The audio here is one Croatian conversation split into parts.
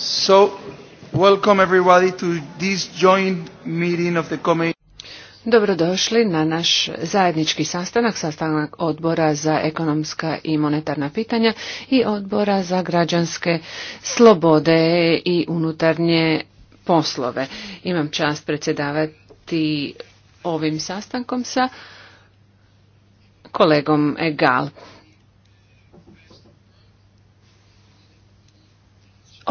So, welcome everybody to this joint Dobrodošli na naš zajednički sastanak, sastanak odbora za ekonomska i monetarna pitanja i odbora za građanske slobode i unutarnje poslove. Imam čast predsjedavati ovim sastankom sa kolegom Egal.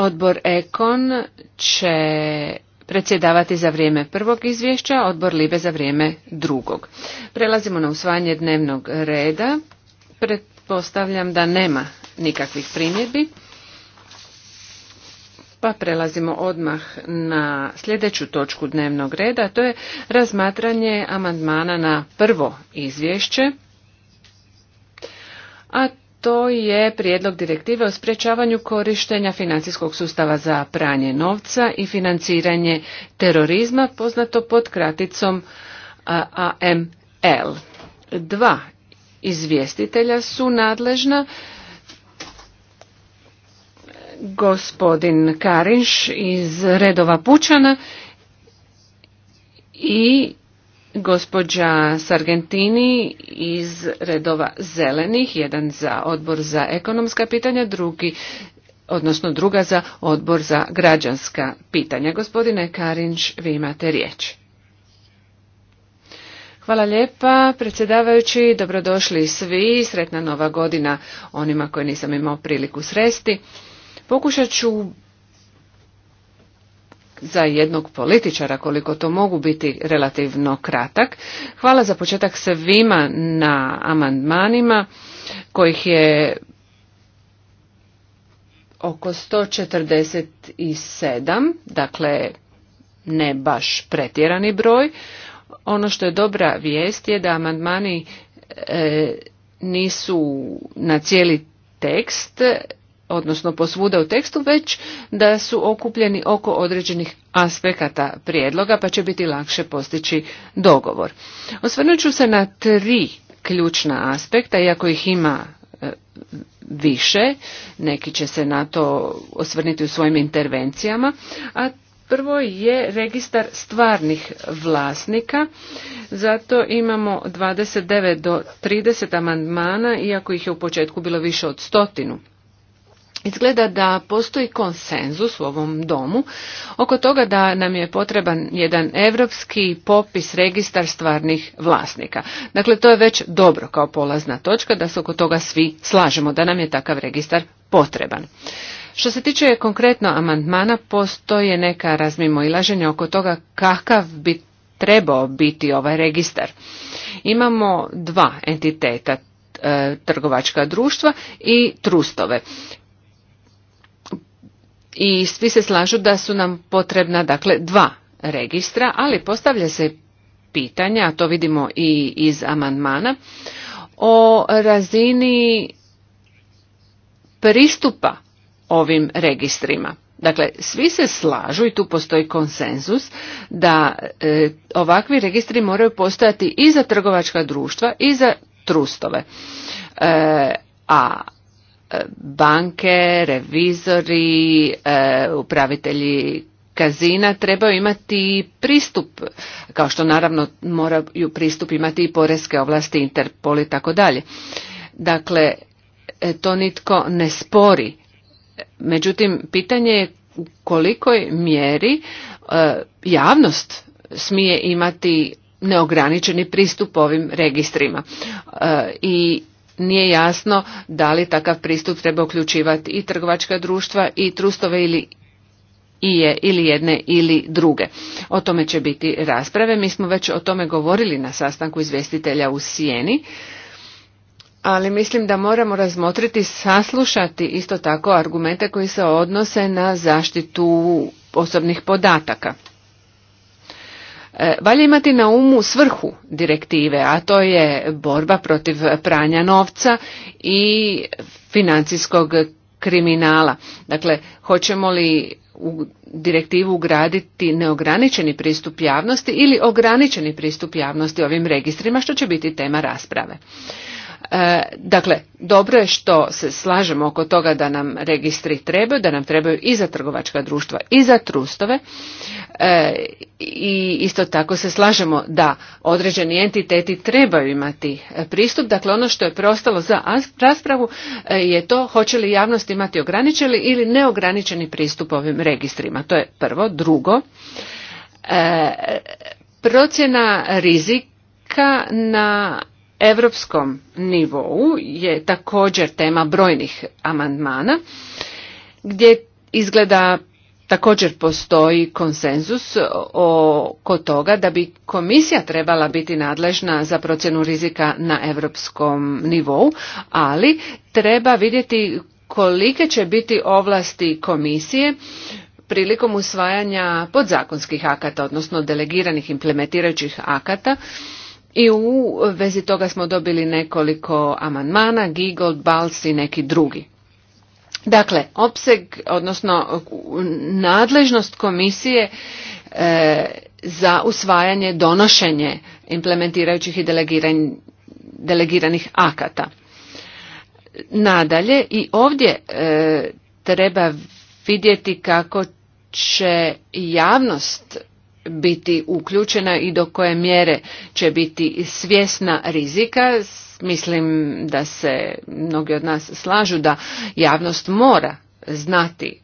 Odbor Ekon će predsjedavati za vrijeme prvog izvješća, odbor Libe za vrijeme drugog. Prelazimo na usvajanje dnevnog reda. Pretpostavljam da nema nikakvih primjedbi. Pa prelazimo odmah na sljedeću točku dnevnog reda, to je razmatranje amandmana na prvo izvješće, a to je prijedlog direktive o sprječavanju korištenja financijskog sustava za pranje novca i financiranje terorizma, poznato pod kraticom AML. Dva izvjestitelja su nadležna, gospodin Karinš iz redova Pučana i Gospođa Sargentini iz redova zelenih, jedan za odbor za ekonomska pitanja, drugi odnosno druga za odbor za građanska pitanja. Gospodine Karinč, vi imate riječ. Hvala lijepa, predsjedavajući, dobrodošli svi, sretna nova godina onima koje nisam imao priliku sresti. Pokušat ću za jednog političara, koliko to mogu biti relativno kratak. Hvala za početak svima na amandmanima, kojih je oko 147, dakle ne baš pretjerani broj. Ono što je dobra vijest je da amandmani e, nisu na cijeli tekst odnosno posvuda u tekstu, već da su okupljeni oko određenih aspekata prijedloga, pa će biti lakše postići dogovor. Osvrnut ću se na tri ključna aspekta, iako ih ima e, više, neki će se na to osvrniti u svojim intervencijama, a Prvo je registar stvarnih vlasnika, zato imamo 29 do 30 amandmana, iako ih je u početku bilo više od stotinu. Izgleda da postoji konsenzus u ovom domu oko toga da nam je potreban jedan europski popis registar stvarnih vlasnika. Dakle, to je već dobro kao polazna točka da se oko toga svi slažemo, da nam je takav registar potreban. Što se tiče konkretno amandmana, postoje neka razmimoilaženja oko toga kakav bi trebao biti ovaj registar. Imamo dva entiteta, e, trgovačka društva i trustove i svi se slažu da su nam potrebna dakle dva registra, ali postavlja se pitanje, a to vidimo i iz amandmana, o razini pristupa ovim registrima. Dakle, svi se slažu i tu postoji konsenzus da e, ovakvi registri moraju postojati i za trgovačka društva i za trustove. E, a banke, revizori, e, upravitelji kazina trebaju imati pristup, kao što naravno moraju pristup imati i poreske ovlasti, Interpol i tako dalje. Dakle, e, to nitko ne spori. Međutim, pitanje je u kolikoj mjeri e, javnost smije imati neograničeni pristup ovim registrima. I nije jasno da li takav pristup treba uključivati i trgovačka društva i trustove ili i je ili jedne ili druge. O tome će biti rasprave. Mi smo već o tome govorili na sastanku izvjestitelja u Sijeni, ali mislim da moramo razmotriti, saslušati isto tako argumente koji se odnose na zaštitu osobnih podataka. E, valja imati na umu svrhu direktive, a to je borba protiv pranja novca i financijskog kriminala. Dakle, hoćemo li u direktivu ugraditi neograničeni pristup javnosti ili ograničeni pristup javnosti ovim registrima, što će biti tema rasprave. E, dakle, dobro je što se slažemo oko toga da nam registri trebaju, da nam trebaju i za trgovačka društva i za trustove, E, I isto tako se slažemo da određeni entiteti trebaju imati e, pristup. Dakle, ono što je preostalo za raspravu e, je to hoće li javnost imati ograničeni ili neograničeni pristup ovim registrima. To je prvo. Drugo, e, procjena rizika na europskom nivou je također tema brojnih amandmana gdje izgleda također postoji konsenzus oko toga da bi komisija trebala biti nadležna za procjenu rizika na europskom nivou, ali treba vidjeti kolike će biti ovlasti komisije prilikom usvajanja podzakonskih akata, odnosno delegiranih implementirajućih akata. I u vezi toga smo dobili nekoliko amandmana, Gigold, Bals i neki drugi. Dakle, opseg, odnosno nadležnost komisije e, za usvajanje, donošenje implementirajućih i delegiranih akata. Nadalje, i ovdje e, treba vidjeti kako će javnost biti uključena i do koje mjere će biti svjesna rizika Mislim da se mnogi od nas slažu da javnost mora znati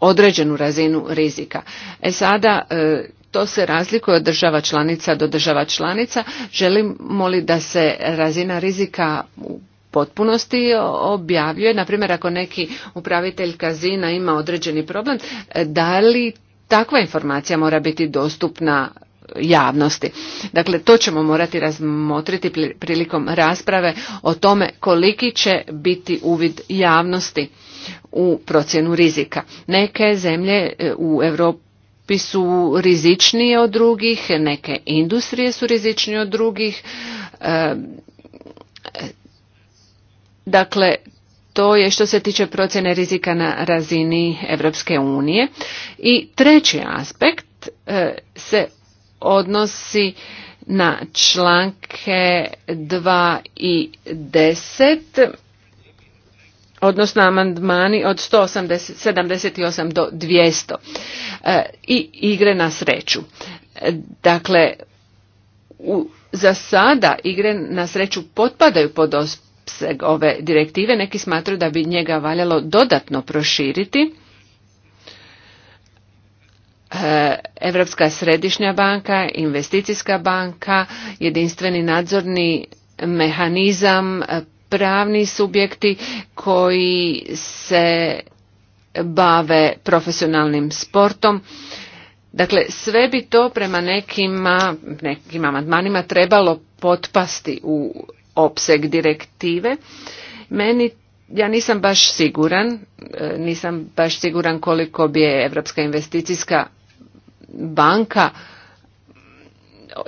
određenu razinu rizika. E sada, e, to se razlikuje od država članica do država članica. Želimo li da se razina rizika u potpunosti objavljuje? Naprimjer, ako neki upravitelj kazina ima određeni problem, e, da li takva informacija mora biti dostupna javnosti. Dakle, to ćemo morati razmotriti prilikom rasprave o tome koliki će biti uvid javnosti u procjenu rizika. Neke zemlje e, u Europi su rizičnije od drugih, neke industrije su rizičnije od drugih. E, dakle, to je što se tiče procjene rizika na razini Europske unije. I treći aspekt e, se odnosi na članke 2 i 10 odnosno amandmani od 178 do 200 e, i igre na sreću. E, dakle, za sada igre na sreću potpadaju pod ove direktive, neki smatraju da bi njega valjalo dodatno proširiti Europska središnja banka, investicijska banka, jedinstveni nadzorni mehanizam, pravni subjekti koji se bave profesionalnim sportom. Dakle, sve bi to prema nekima, nekim amandmanima trebalo potpasti u opseg direktive. Meni ja nisam baš siguran, e, nisam baš siguran koliko bi je Europska investicijska banka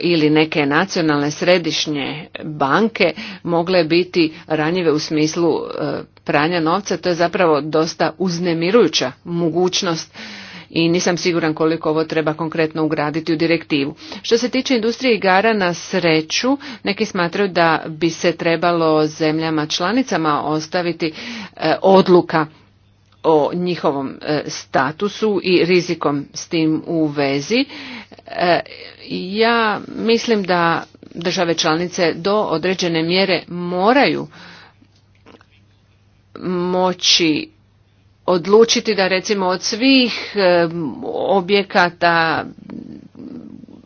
ili neke nacionalne središnje banke mogle biti ranjive u smislu e, pranja novca, to je zapravo dosta uznemirujuća mogućnost i nisam siguran koliko ovo treba konkretno ugraditi u direktivu. Što se tiče industrije igara na sreću, neki smatraju da bi se trebalo zemljama članicama ostaviti e, odluka o njihovom e, statusu i rizikom s tim u vezi. E, ja mislim da države članice do određene mjere moraju moći odlučiti da recimo od svih e, objekata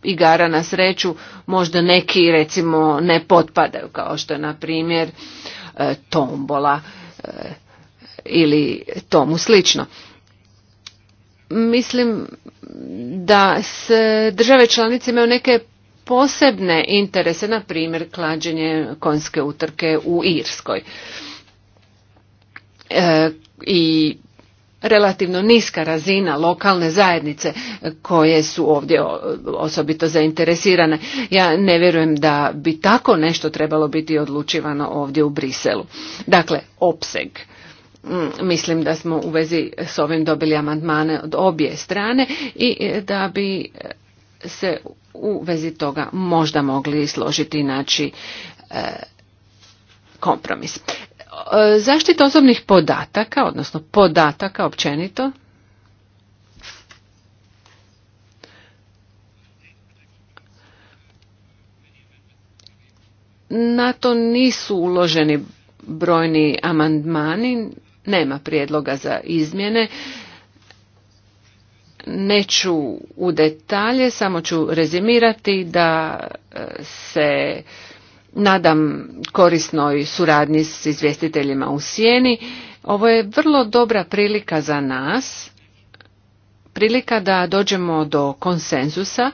igara na sreću možda neki recimo ne potpadaju kao što je na primjer tombola ili tomu slično. Mislim da se države članice imaju neke posebne interese, na primjer klađenje konjske utrke u Irskoj. E, I relativno niska razina lokalne zajednice koje su ovdje osobito zainteresirane. Ja ne vjerujem da bi tako nešto trebalo biti odlučivano ovdje u Briselu. Dakle, opseg Mm, mislim da smo u vezi s ovim dobili amandmane od obje strane i e, da bi se u vezi toga možda mogli složiti i e, kompromis. E, zaštita osobnih podataka, odnosno podataka općenito, na to nisu uloženi brojni amandmani nema prijedloga za izmjene. Neću u detalje, samo ću rezimirati da e, se nadam korisnoj suradnji s izvjestiteljima u sjeni. Ovo je vrlo dobra prilika za nas, prilika da dođemo do konsenzusa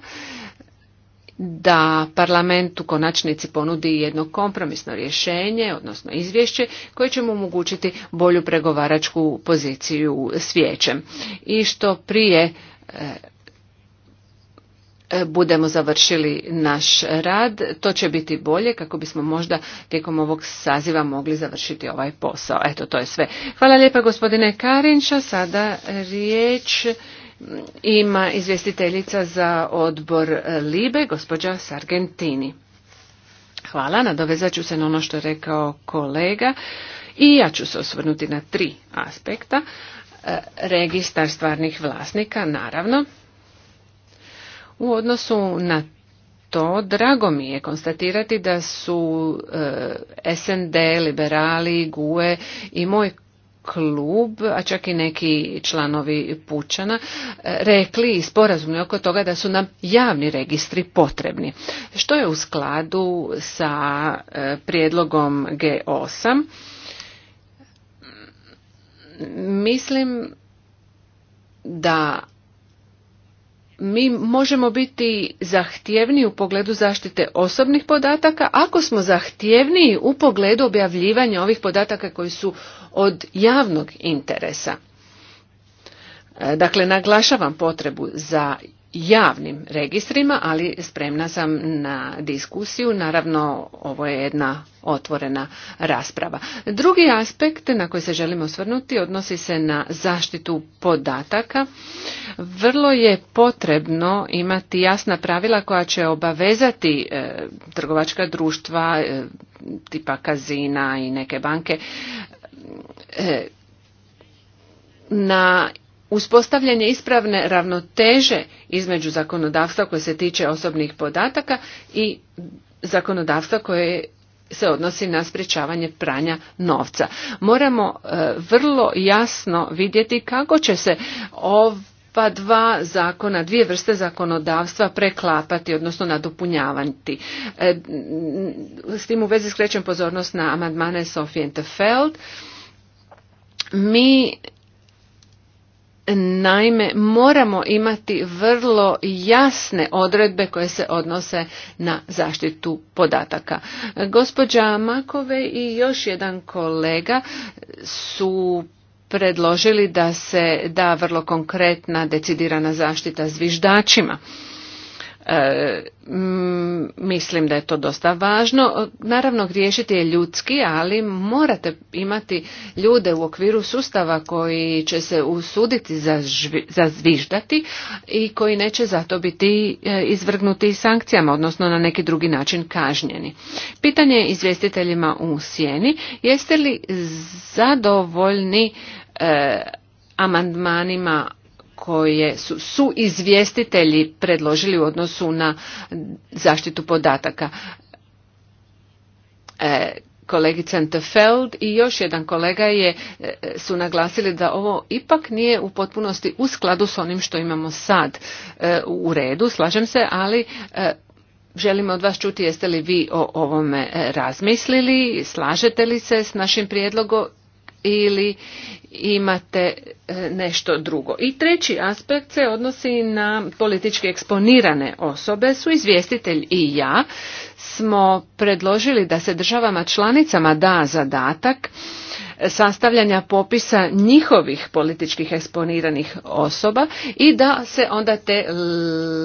da parlament u konačnici ponudi jedno kompromisno rješenje, odnosno izvješće, koje će mu omogućiti bolju pregovaračku poziciju s vijećem. I što prije e, e, budemo završili naš rad, to će biti bolje kako bismo možda tijekom ovog saziva mogli završiti ovaj posao. Eto, to je sve. Hvala lijepa gospodine Karinča, sada riječ ima izvjestiteljica za odbor Libe, gospođa Sargentini. Hvala, nadovezat ću se na ono što je rekao kolega i ja ću se osvrnuti na tri aspekta. E, registar stvarnih vlasnika, naravno. U odnosu na to, drago mi je konstatirati da su e, SND, liberali, GUE i moj klub, a čak i neki članovi Pučana, e, rekli i sporazumni oko toga da su nam javni registri potrebni. Što je u skladu sa e, prijedlogom G8? Mislim da mi možemo biti zahtjevniji u pogledu zaštite osobnih podataka ako smo zahtjevniji u pogledu objavljivanja ovih podataka koji su od javnog interesa. E, dakle, naglašavam potrebu za javnim registrima, ali spremna sam na diskusiju. Naravno, ovo je jedna otvorena rasprava. Drugi aspekt na koji se želimo osvrnuti odnosi se na zaštitu podataka. Vrlo je potrebno imati jasna pravila koja će obavezati e, trgovačka društva e, tipa kazina i neke banke e, na uspostavljanje ispravne ravnoteže između zakonodavstva koje se tiče osobnih podataka i zakonodavstva koje se odnosi na sprječavanje pranja novca. Moramo e, vrlo jasno vidjeti kako će se ova dva zakona, dvije vrste zakonodavstva preklapati, odnosno nadopunjavati. E, s tim u vezi skrećem pozornost na amandmane Sofije Entefeld. Mi Naime, moramo imati vrlo jasne odredbe koje se odnose na zaštitu podataka. Gospođa Makove i još jedan kolega su predložili da se da vrlo konkretna decidirana zaštita zviždačima. E, mislim da je to dosta važno. Naravno, griješiti je ljudski, ali morate imati ljude u okviru sustava koji će se usuditi za, zviždati i koji neće zato biti e, izvrgnuti sankcijama, odnosno na neki drugi način kažnjeni. Pitanje izvjestiteljima u sjeni, jeste li zadovoljni e, amandmanima koje su, su izvjestitelji predložili u odnosu na zaštitu podataka. E, kolegica i još jedan kolega je, e, su naglasili da ovo ipak nije u potpunosti u skladu s onim što imamo sad e, u redu, slažem se, ali e, želimo od vas čuti jeste li vi o ovome e, razmislili, slažete li se s našim prijedlogom ili imate e, nešto drugo. I treći aspekt se odnosi na politički eksponirane osobe. Su izvjestitelj i ja smo predložili da se državama članicama da zadatak sastavljanja popisa njihovih političkih eksponiranih osoba i da se onda te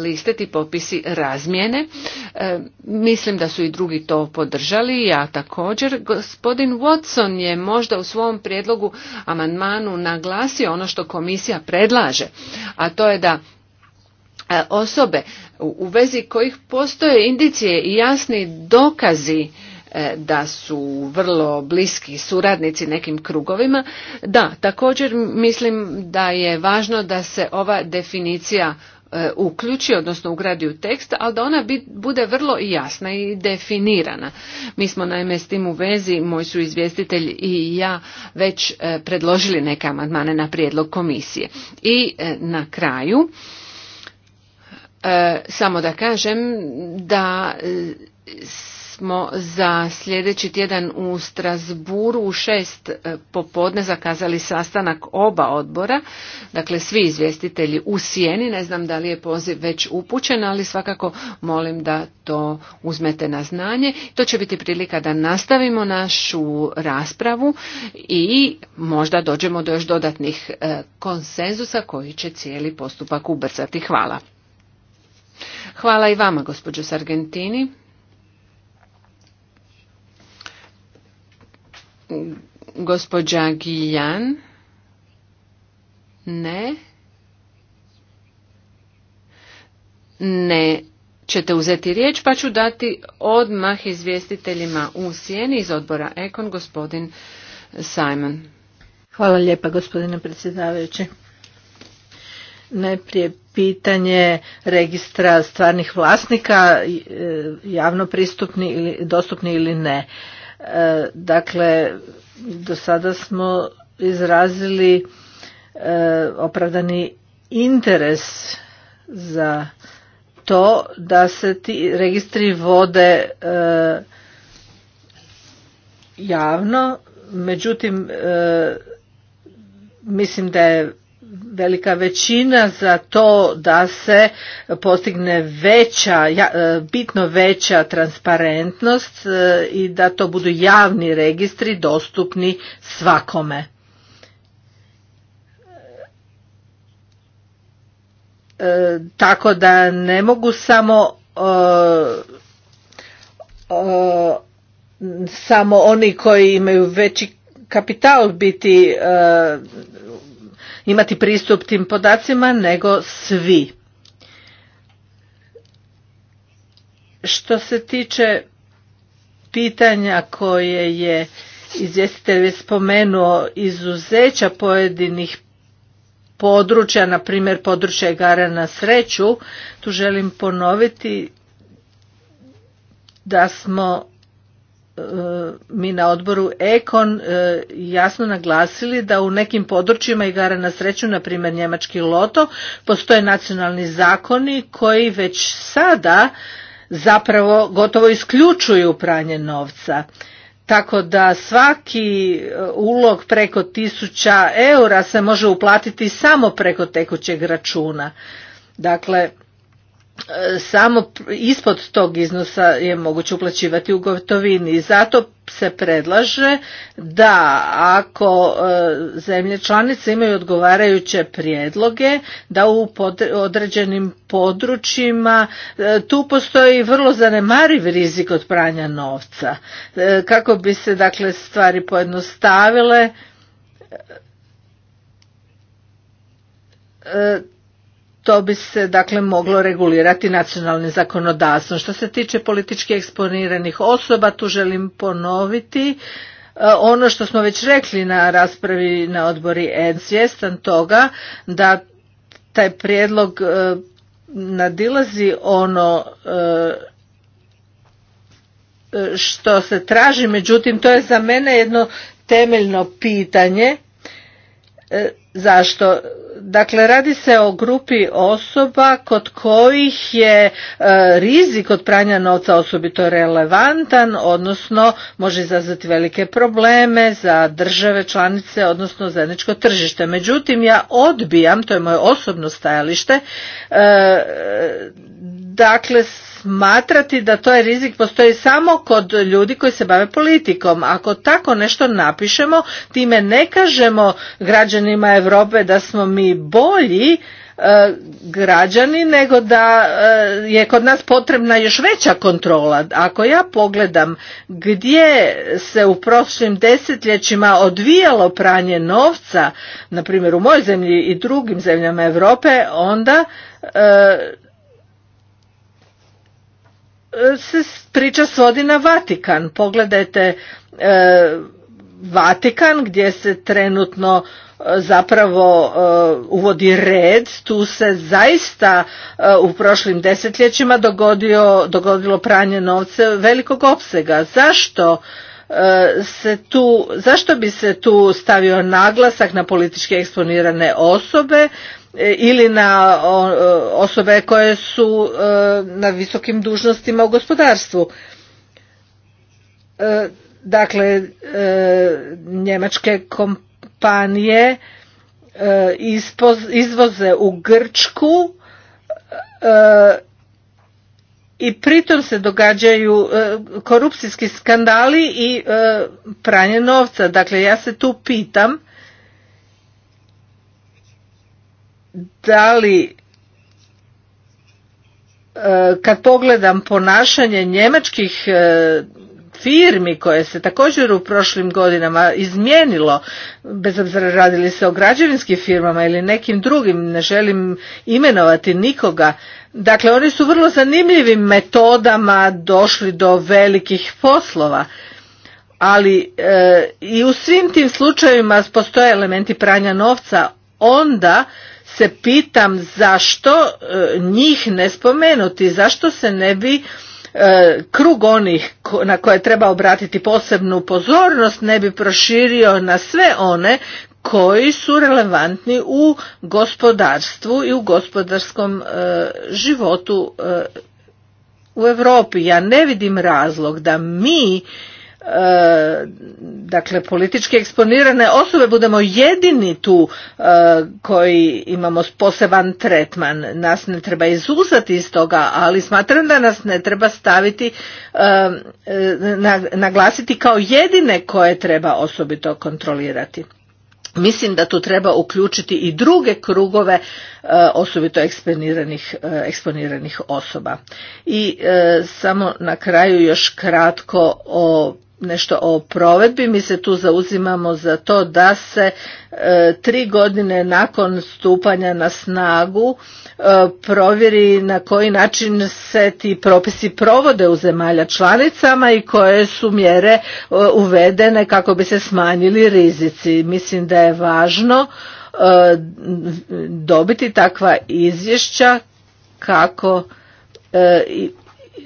liste ti popisi razmijene. E, mislim da su i drugi to podržali, ja također. Gospodin Watson je možda u svom prijedlogu amandmanu naglasio ono što komisija predlaže, a to je da e, osobe u vezi kojih postoje indicije i jasni dokazi E, da su vrlo bliski suradnici nekim krugovima. Da, također mislim da je važno da se ova definicija e, uključi, odnosno ugradi u tekst, ali da ona bude vrlo jasna i definirana. Mi smo naime s tim u vezi, moj su izvjestitelj i ja već e, predložili neke amandmane na prijedlog komisije. I na kraju, samo da kažem da smo za sljedeći tjedan u Strasburu u šest e, popodne zakazali sastanak oba odbora, dakle svi izvjestitelji u sjeni, ne znam da li je poziv već upućen, ali svakako molim da to uzmete na znanje. To će biti prilika da nastavimo našu raspravu i možda dođemo do još dodatnih e, konsenzusa koji će cijeli postupak ubrzati. Hvala. Hvala i vama, gospođo Sargentini. Gospođa Gijan? Ne. Ne ćete uzeti riječ, pa ću dati odmah izvjestiteljima u sjeni iz odbora Ekon, gospodin Simon. Hvala lijepa, gospodine predsjedavajući. Najprije pitanje registra stvarnih vlasnika, e, javno pristupni ili dostupni ili ne. Dakle, do sada smo izrazili e, opravdani interes za to da se ti registri vode e, javno, međutim e, mislim da je velika većina za to da se postigne veća, e, bitno veća transparentnost e, i da to budu javni registri dostupni svakome. E, tako da ne mogu samo samo oni koji imaju veći kapital biti imati pristup tim podacima nego svi. Što se tiče pitanja koje je izvjestitelj je spomenuo izuzeća pojedinih područja, na primjer područja igara na sreću, tu želim ponoviti da smo mi na odboru Ekon e, jasno naglasili da u nekim područjima igara na sreću, na primjer Njemački loto, postoje nacionalni zakoni koji već sada zapravo gotovo isključuju pranje novca. Tako da svaki e, ulog preko tisuća eura se može uplatiti samo preko tekućeg računa. Dakle, samo ispod tog iznosa je moguće uplaćivati u gotovini. Zato se predlaže da ako e, zemlje članice imaju odgovarajuće prijedloge da u određenim područjima e, tu postoji vrlo zanemariv rizik od pranja novca. E, kako bi se dakle stvari pojednostavile to bi se dakle moglo regulirati nacionalnim zakonodavstvom. Što se tiče politički eksponiranih osoba, tu želim ponoviti e, ono što smo već rekli na raspravi na odbori EN, svjestan toga da taj prijedlog e, nadilazi ono e, što se traži, međutim to je za mene jedno temeljno pitanje zašto Dakle, radi se o grupi osoba kod kojih je e, rizik od pranja novca osobito relevantan, odnosno može izazvati velike probleme za države članice, odnosno zajedničko tržište. Međutim, ja odbijam, to je moje osobno stajalište, e, dakle smatrati da to je rizik postoji samo kod ljudi koji se bave politikom. Ako tako nešto napišemo, time ne kažemo građanima Europe da smo mi bolji e, građani, nego da e, je kod nas potrebna još veća kontrola. Ako ja pogledam gdje se u prošlim desetljećima odvijalo pranje novca, na primjer u mojoj zemlji i drugim zemljama Europe, onda e, se priča svodi na Vatikan. Pogledajte e, Vatikan gdje se trenutno e, zapravo e, uvodi red, tu se zaista u prošlim desetljećima dogodilo pranje novce velikog opsega. Zašto? se tu, zašto bi se tu stavio naglasak na politički eksponirane osobe E, ili na e, osobe koje su e, na visokim dužnostima u gospodarstvu. Dakle, njemačke kompanije izvoze u Grčku i pritom se događaju korupcijski skandali i pranje novca. Dakle, ja se tu pitam da li e, kad pogledam ponašanje njemačkih e, firmi koje se također u prošlim godinama izmijenilo, bez obzira radili se o građevinskim firmama ili nekim drugim, ne želim imenovati nikoga, dakle oni su vrlo zanimljivim metodama došli do velikih poslova. Ali e, i u svim tim slučajevima postoje elementi pranja novca, onda se pitam zašto e, njih ne spomenuti, zašto se ne bi e, krug onih na koje treba obratiti posebnu pozornost ne bi proširio na sve one koji su relevantni u gospodarstvu i u gospodarskom e, životu u Europi. Ja ne vidim razlog da mi E, dakle politički eksponirane osobe budemo jedini tu e, koji imamo poseban tretman nas ne treba izuzati iz toga ali smatram da nas ne treba staviti e, naglasiti kao jedine koje treba osobito kontrolirati mislim da tu treba uključiti i druge krugove osobito eksponiranih, eksponiranih osoba i samo na kraju još kratko o nešto o provedbi. Mi se tu zauzimamo za to da se e, tri godine nakon stupanja na snagu e, provjeri na koji način se ti propisi provode u zemalja članicama i koje su mjere e, uvedene kako bi se smanjili rizici. Mislim da je važno dobiti takva izvješća kako i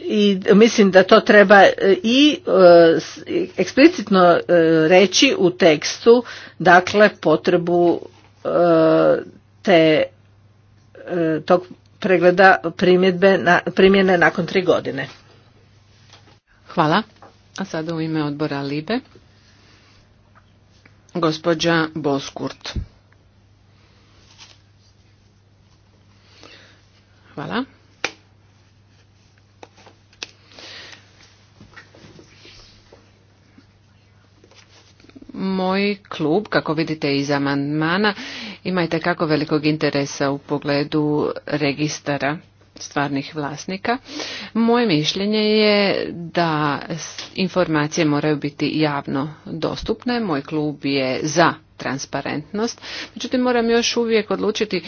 i mislim da to treba e, e, i eksplicitno e, reći u tekstu dakle potrebu te tog pregleda primjedbe na, primjene nakon tri godine. Hvala. A sada u ime odbora Libe gospođa Boskurt. Hvala. moj klub, kako vidite iz amandmana, ima kako velikog interesa u pogledu registara stvarnih vlasnika. Moje mišljenje je da informacije moraju biti javno dostupne. Moj klub je za transparentnost. Međutim, moram još uvijek odlučiti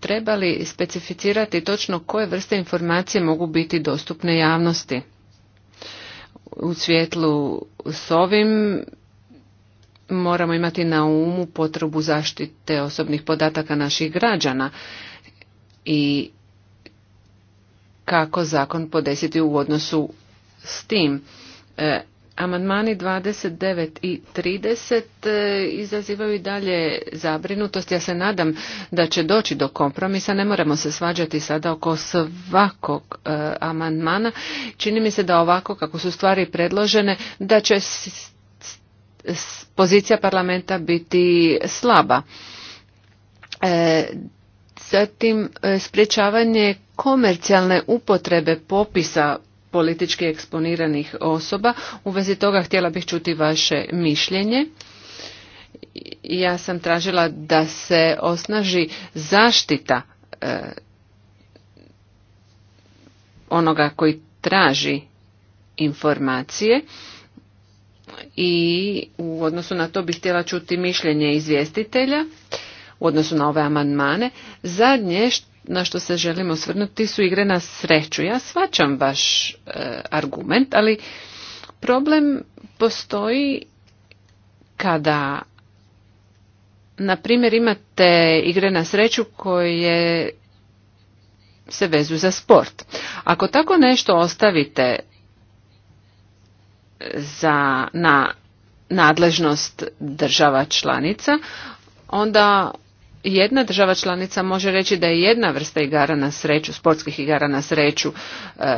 treba li specificirati točno koje vrste informacije mogu biti dostupne javnosti. U svjetlu s ovim moramo imati na umu potrebu zaštite osobnih podataka naših građana i kako zakon podesiti u odnosu s tim. E, amandmani 29 i 30 e, izazivaju i dalje zabrinutost. Ja se nadam da će doći do kompromisa. Ne moramo se svađati sada oko svakog e, amandmana. Čini mi se da ovako kako su stvari predložene da će pozicija parlamenta biti slaba. E, zatim e, sprječavanje komercijalne upotrebe popisa politički eksponiranih osoba. U vezi toga htjela bih čuti vaše mišljenje. Ja sam tražila da se osnaži zaštita e, onoga koji traži informacije i u odnosu na to bih htjela čuti mišljenje izvjestitelja u odnosu na ove amandmane. Zadnje na što se želimo osvrnuti su igre na sreću. Ja svačam vaš e, argument, ali problem postoji kada na primjer imate igre na sreću koje se vezu za sport. Ako tako nešto ostavite za, na nadležnost država članica, onda jedna država članica može reći da je jedna vrsta igara na sreću, sportskih igara na sreću, e,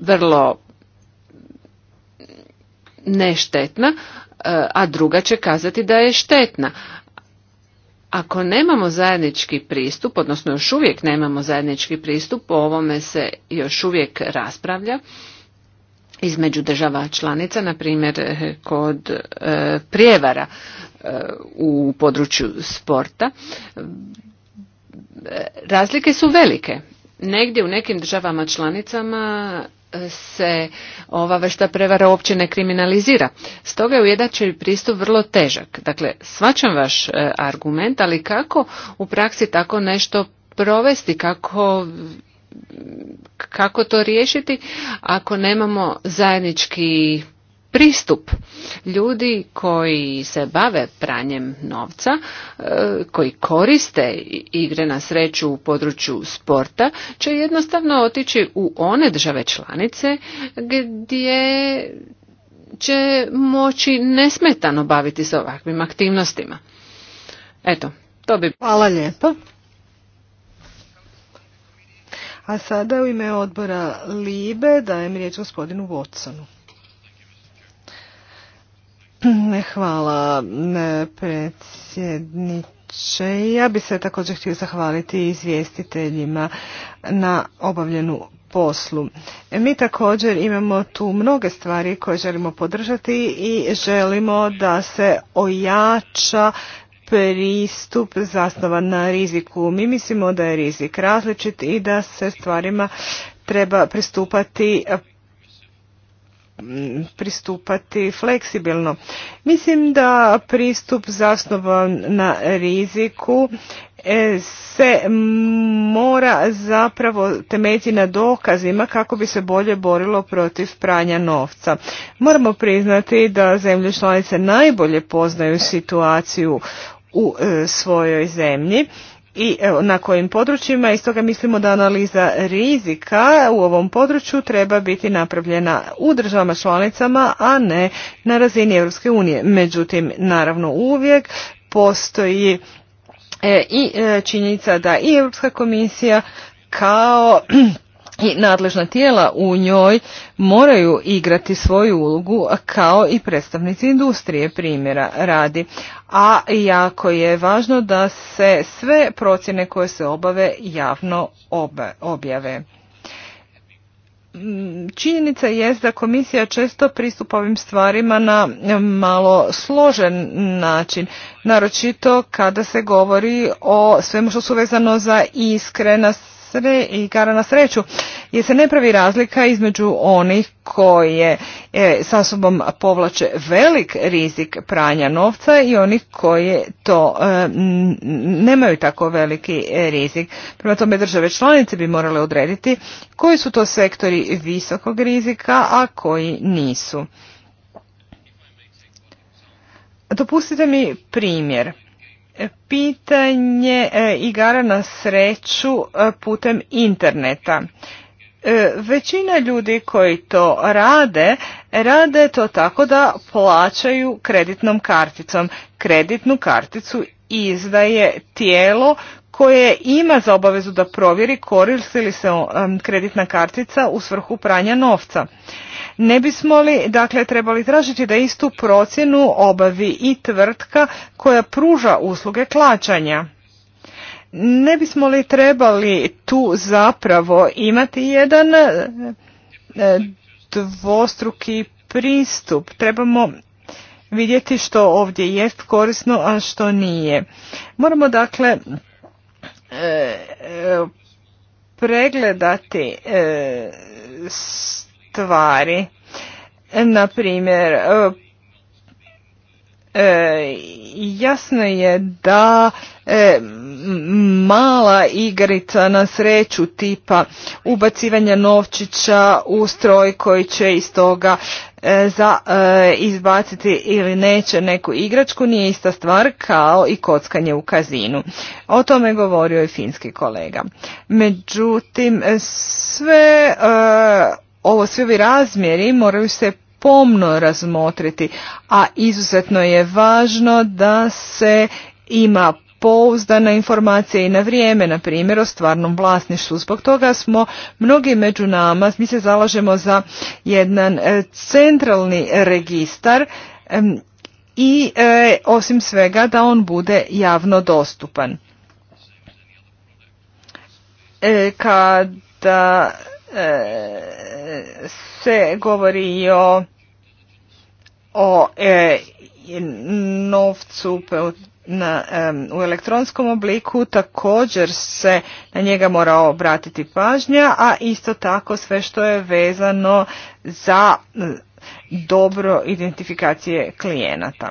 vrlo neštetna, e, a druga će kazati da je štetna. Ako nemamo zajednički pristup, odnosno još uvijek nemamo zajednički pristup, o ovome se još uvijek raspravlja, između država članica, na primjer eh, kod eh, prijevara eh, u području sporta, razlike su velike. Negdje u nekim državama članicama se ova vrsta prevara uopće ne kriminalizira. Stoga je ujednačen pristup vrlo težak. Dakle, svačam vaš argument, ali kako u praksi tako nešto provesti, kako kako to riješiti ako nemamo zajednički pristup ljudi koji se bave pranjem novca, e, koji koriste igre na sreću u području sporta, će jednostavno otići u one države članice gdje će moći nesmetano baviti se ovakvim aktivnostima. Eto, to bi... Hvala lijepo. A sada u ime odbora Libe dajem riječ gospodinu Watsonu. Hvala predsjedniče. Ja bih se također htio zahvaliti izvjestiteljima na obavljenu poslu. E, mi također imamo tu mnoge stvari koje želimo podržati i želimo da se ojača pristup zasnovan na riziku. Mi mislimo da je rizik različit i da se stvarima treba pristupati pristupati fleksibilno. Mislim da pristup zasnovan na riziku e, se mora zapravo temeljiti na dokazima kako bi se bolje borilo protiv pranja novca. Moramo priznati da zemlje članice najbolje poznaju situaciju u e, svojoj zemlji i na kojim područjima i stoga mislimo da analiza rizika u ovom području treba biti napravljena u državama članicama, a ne na razini Europske unije. Međutim, naravno uvijek postoji e, i e, činjenica da i Europska komisija kao i nadležna tijela u njoj moraju igrati svoju ulogu kao i predstavnici industrije primjera radi. A jako je važno da se sve procjene koje se obave javno objave. Mm, činjenica je da komisija često pristupa ovim stvarima na malo složen način, naročito kada se govori o svemu što su vezano za iskrena sre, igara na sreću jer se ne pravi razlika između onih koje e, sa sobom povlače velik rizik pranja novca i onih koje to e, nemaju tako veliki e, rizik. Prema tome države članice bi morale odrediti koji su to sektori visokog rizika, a koji nisu. Dopustite mi primjer pitanje e, igara na sreću e, putem interneta. E, većina ljudi koji to rade, rade to tako da plaćaju kreditnom karticom. Kreditnu karticu izdaje tijelo koje ima za obavezu da provjeri koristi li se kreditna kartica u svrhu pranja novca. Ne bismo li dakle trebali tražiti da istu procjenu obavi i tvrtka koja pruža usluge klačanja? Ne bismo li trebali tu zapravo imati jedan e, e, dvostruki pristup? Trebamo vidjeti što ovdje jest korisno, a što nije. Moramo dakle e, pregledati tvari. Na primjer, e, e, jasno je da e, mala igrica na sreću tipa ubacivanja novčića u stroj koji će iz toga za izbaciti ili neće neku igračku nije ista stvar kao i kockanje u kazinu. O tome govorio i finski kolega. Međutim, sve ovo svi ovi razmjeri moraju se pomno razmotriti, a izuzetno je važno da se ima pouzdana informacija i na vrijeme, na primjer o stvarnom vlasništvu. Zbog toga smo mnogi među nama, mi se zalažemo za jedan e, centralni registar i e, osim svega da on bude javno dostupan. E, kada se govori o, o e, novcu na, u elektronskom obliku također se na njega mora obratiti pažnja, a isto tako sve što je vezano za dobro identifikacije klijenata.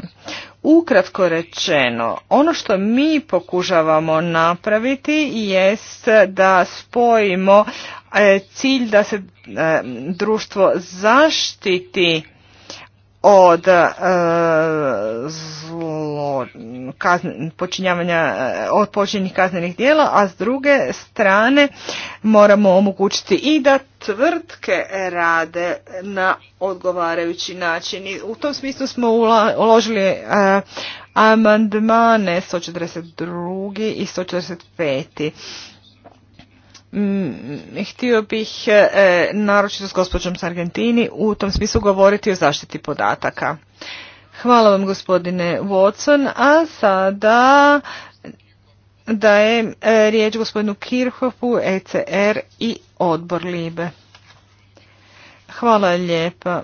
Ukratko rečeno, ono što mi pokušavamo napraviti jest da spojimo E, cilj da se e, društvo zaštiti od e, počinjavanja od počinjenih kaznenih djela, a s druge strane moramo omogućiti i da tvrtke rade na odgovarajući način. I u tom smislu smo uložili amandmane 142. i 145. Mm, htio bih e, e, naročito s gospođom Sargentini u tom smislu govoriti o zaštiti podataka. Hvala vam gospodine Watson, a sada dajem e, riječ gospodinu Kirhovu, ECR i odbor Libe. Hvala lijepa.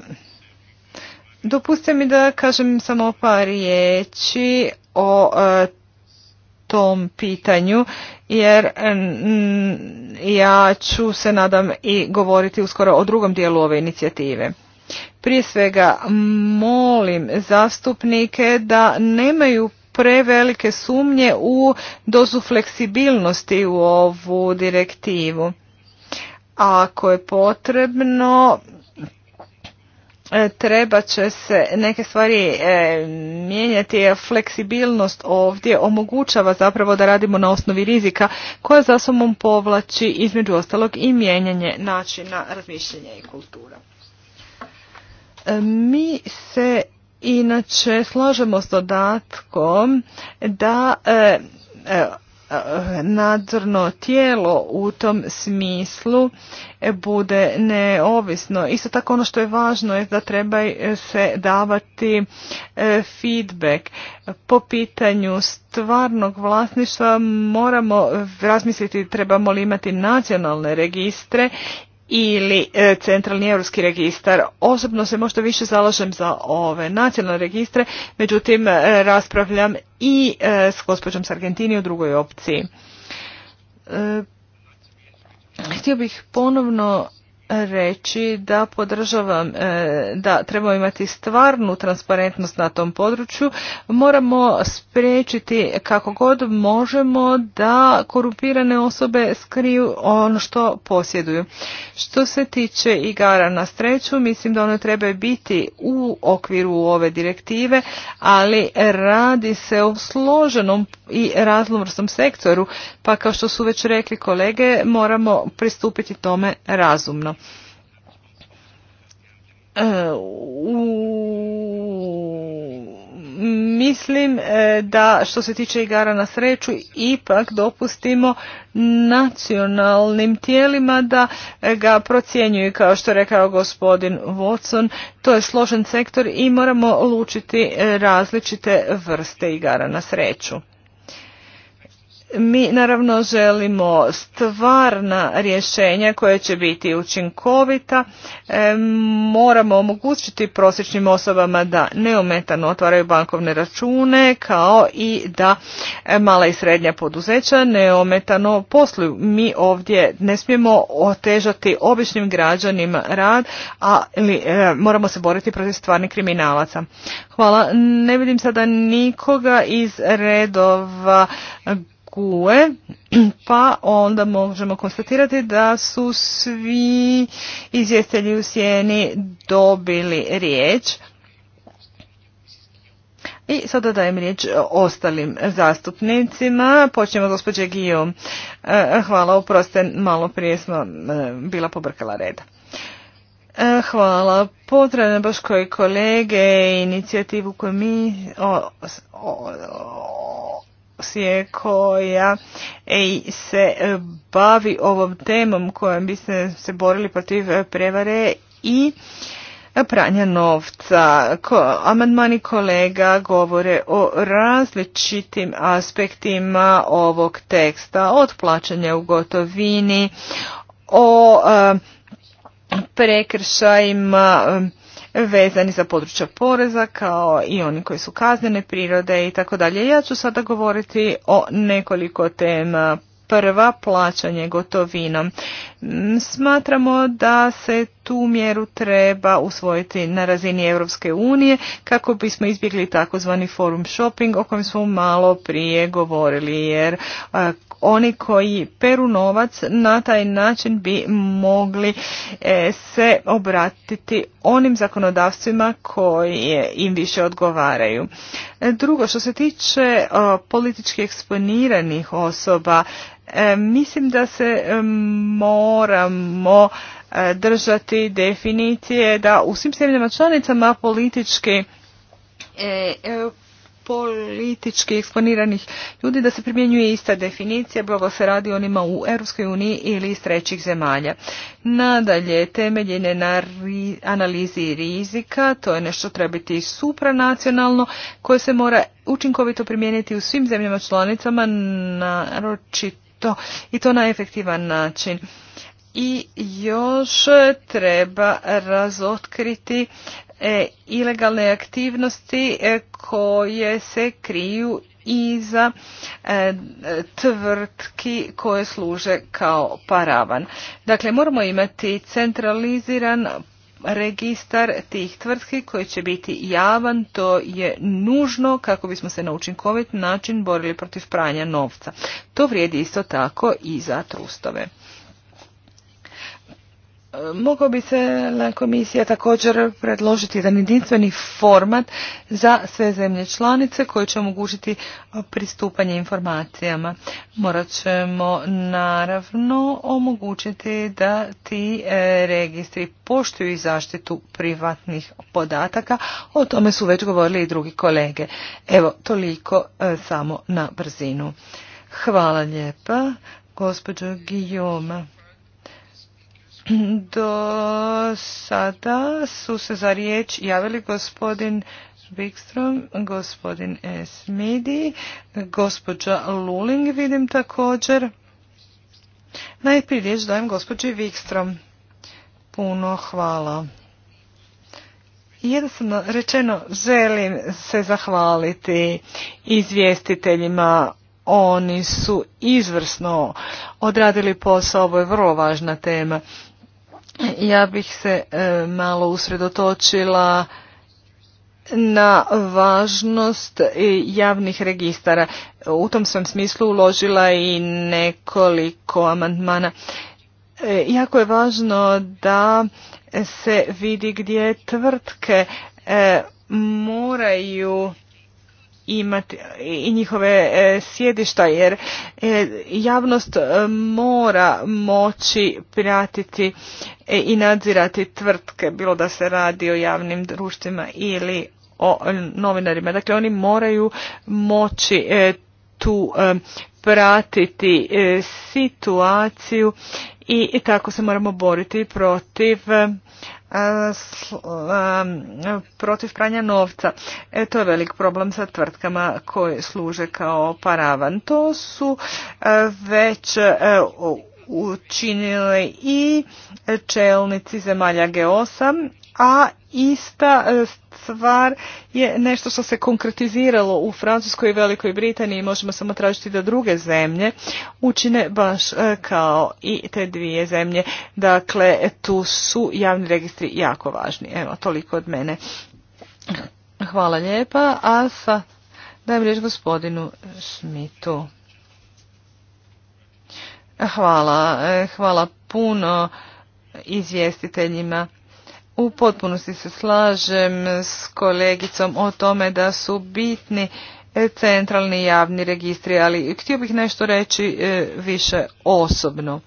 Dopustite mi da kažem samo par riječi o tom pitanju jer ja ću se nadam i govoriti uskoro o drugom dijelu ove inicijative. Prije svega molim zastupnike da nemaju prevelike sumnje u dozu fleksibilnosti u ovu direktivu. Ako je potrebno, E, treba će se neke stvari e, mijenjati mijenjati. Fleksibilnost ovdje omogućava zapravo da radimo na osnovi rizika koja za sobom povlači između ostalog i mijenjanje načina razmišljanja i kultura. E, mi se inače slažemo s dodatkom da nadzorno tijelo u tom smislu bude neovisno. Isto tako ono što je važno je da treba se davati e, feedback. Po pitanju stvarnog vlasništva moramo razmisliti trebamo li imati nacionalne registre ili e, centralni europski registar. Osobno se možda više zalažem za ove nacionalne registre, međutim e, raspravljam i e, s gospođom Sargentini u drugoj opciji. Htio bih ponovno reći da podržavam e, da trebamo imati stvarnu transparentnost na tom području. Moramo spriječiti kako god možemo da korumpirane osobe skriju ono što posjeduju. Što se tiče igara na sreću, mislim da ono treba biti u okviru ove direktive, ali radi se o složenom i razlomrstom sektoru, pa kao što su već rekli kolege, moramo pristupiti tome razumno. E, mislim e, da što se tiče igara na sreću ipak dopustimo nacionalnim tijelima da ga procjenjuju kao što je rekao gospodin Watson to je složen sektor i moramo lučiti e, različite vrste igara na sreću mi naravno želimo stvarna rješenja koje će biti učinkovita. E, moramo omogućiti prosječnim osobama da neometano otvaraju bankovne račune kao i da e, mala i srednja poduzeća neometano posluju. Mi ovdje ne smijemo otežati običnim građanima rad, ali e, moramo se boriti protiv stvarnih kriminalaca. Hvala. Ne vidim sada nikoga iz redova GUE, pa onda možemo konstatirati da su svi izvjestitelji u sjeni dobili riječ. I sada dajem riječ ostalim zastupnicima. Počnemo gospođe Gijom. E, hvala, oproste, malo prije smo e, bila pobrkala reda. E, hvala. potrebno baš kolege inicijativu koju mi koja se e, bavi ovom temom kojom bi se, se borili protiv e, prevare i e, pranja novca. Ko, amandmani kolega govore o različitim aspektima ovog teksta, od plaćanja u gotovini, o prekršajima vezani za područja poreza kao i oni koji su kaznene prirode i tako dalje. Ja ću sada govoriti o nekoliko tema. Prva, plaćanje gotovinom. Smatramo da se tu mjeru treba usvojiti na razini Europske unije kako bismo izbjegli takozvani forum shopping o kojem smo malo prije govorili jer e, oni koji peru novac na taj način bi mogli e, se obratiti onim zakonodavstvima koji im više odgovaraju. E, drugo, što se tiče politički eksponiranih osoba, mislim da se moramo E, držati definicije da u svim zemljama članicama politički e, e, politički eksponiranih ljudi da se primjenjuje ista definicija, bilo se radi onima u Europskoj uniji ili iz trećih zemalja. Nadalje, temeljene na analizi rizika, to je nešto treba biti supranacionalno, koje se mora učinkovito primijeniti u svim zemljama članicama, naročito i to na efektivan način i još treba razotkriti e, ilegalne aktivnosti e, koje se kriju iza e, tvrtki koje služe kao paravan. Dakle, moramo imati centraliziran registar tih tvrtki koji će biti javan, to je nužno kako bismo se na učinkovit način borili protiv pranja novca. To vrijedi isto tako i za trustove. Mogao bi se komisija također predložiti jedan jedinstveni format za sve zemlje članice koji će omogućiti e, pristupanje informacijama. Morat ćemo naravno omogućiti da ti e, registri poštuju i zaštitu privatnih podataka. O tome su već govorili i drugi kolege. Evo, toliko e, samo na brzinu. Hvala lijepa, gospođo Gijoma. Do sada su se za riječ javili gospodin Bikstrom, gospodin Smidi, gospođa Luling vidim također. Najprije riječ dajem gospođi Vikstrom. Puno hvala. Jednostavno rečeno želim se zahvaliti izvjestiteljima. Oni su izvrsno odradili posao, ovo je vrlo važna tema. Ja bih se e, malo usredotočila na važnost javnih registara. U tom sam smislu uložila i nekoliko amandmana. E, jako je važno da se vidi gdje tvrtke e, moraju imati i njihove e, sjedišta jer e, javnost e, mora moći pratiti i nadzirati tvrtke bilo da se radi o javnim društvima ili o novinarima dakle oni moraju moći tu pratiti situaciju i tako se moramo boriti protiv protiv pranja novca. E, to je velik problem sa tvrtkama koje služe kao paravan. To su već e, učinili i čelnici zemalja G8 a ista e, stvar je nešto što se konkretiziralo u Francuskoj i Velikoj Britaniji. Možemo samo tražiti da druge zemlje učine baš e, kao i te dvije zemlje. Dakle, tu su javni registri jako važni. Evo, toliko od mene. Hvala lijepa. A sa dajem riječ gospodinu Smitu. Hvala. E, hvala puno izvjestiteljima u potpunosti se slažem s kolegicom o tome da su bitni e, centralni javni registri, ali htio bih nešto reći e, više osobno.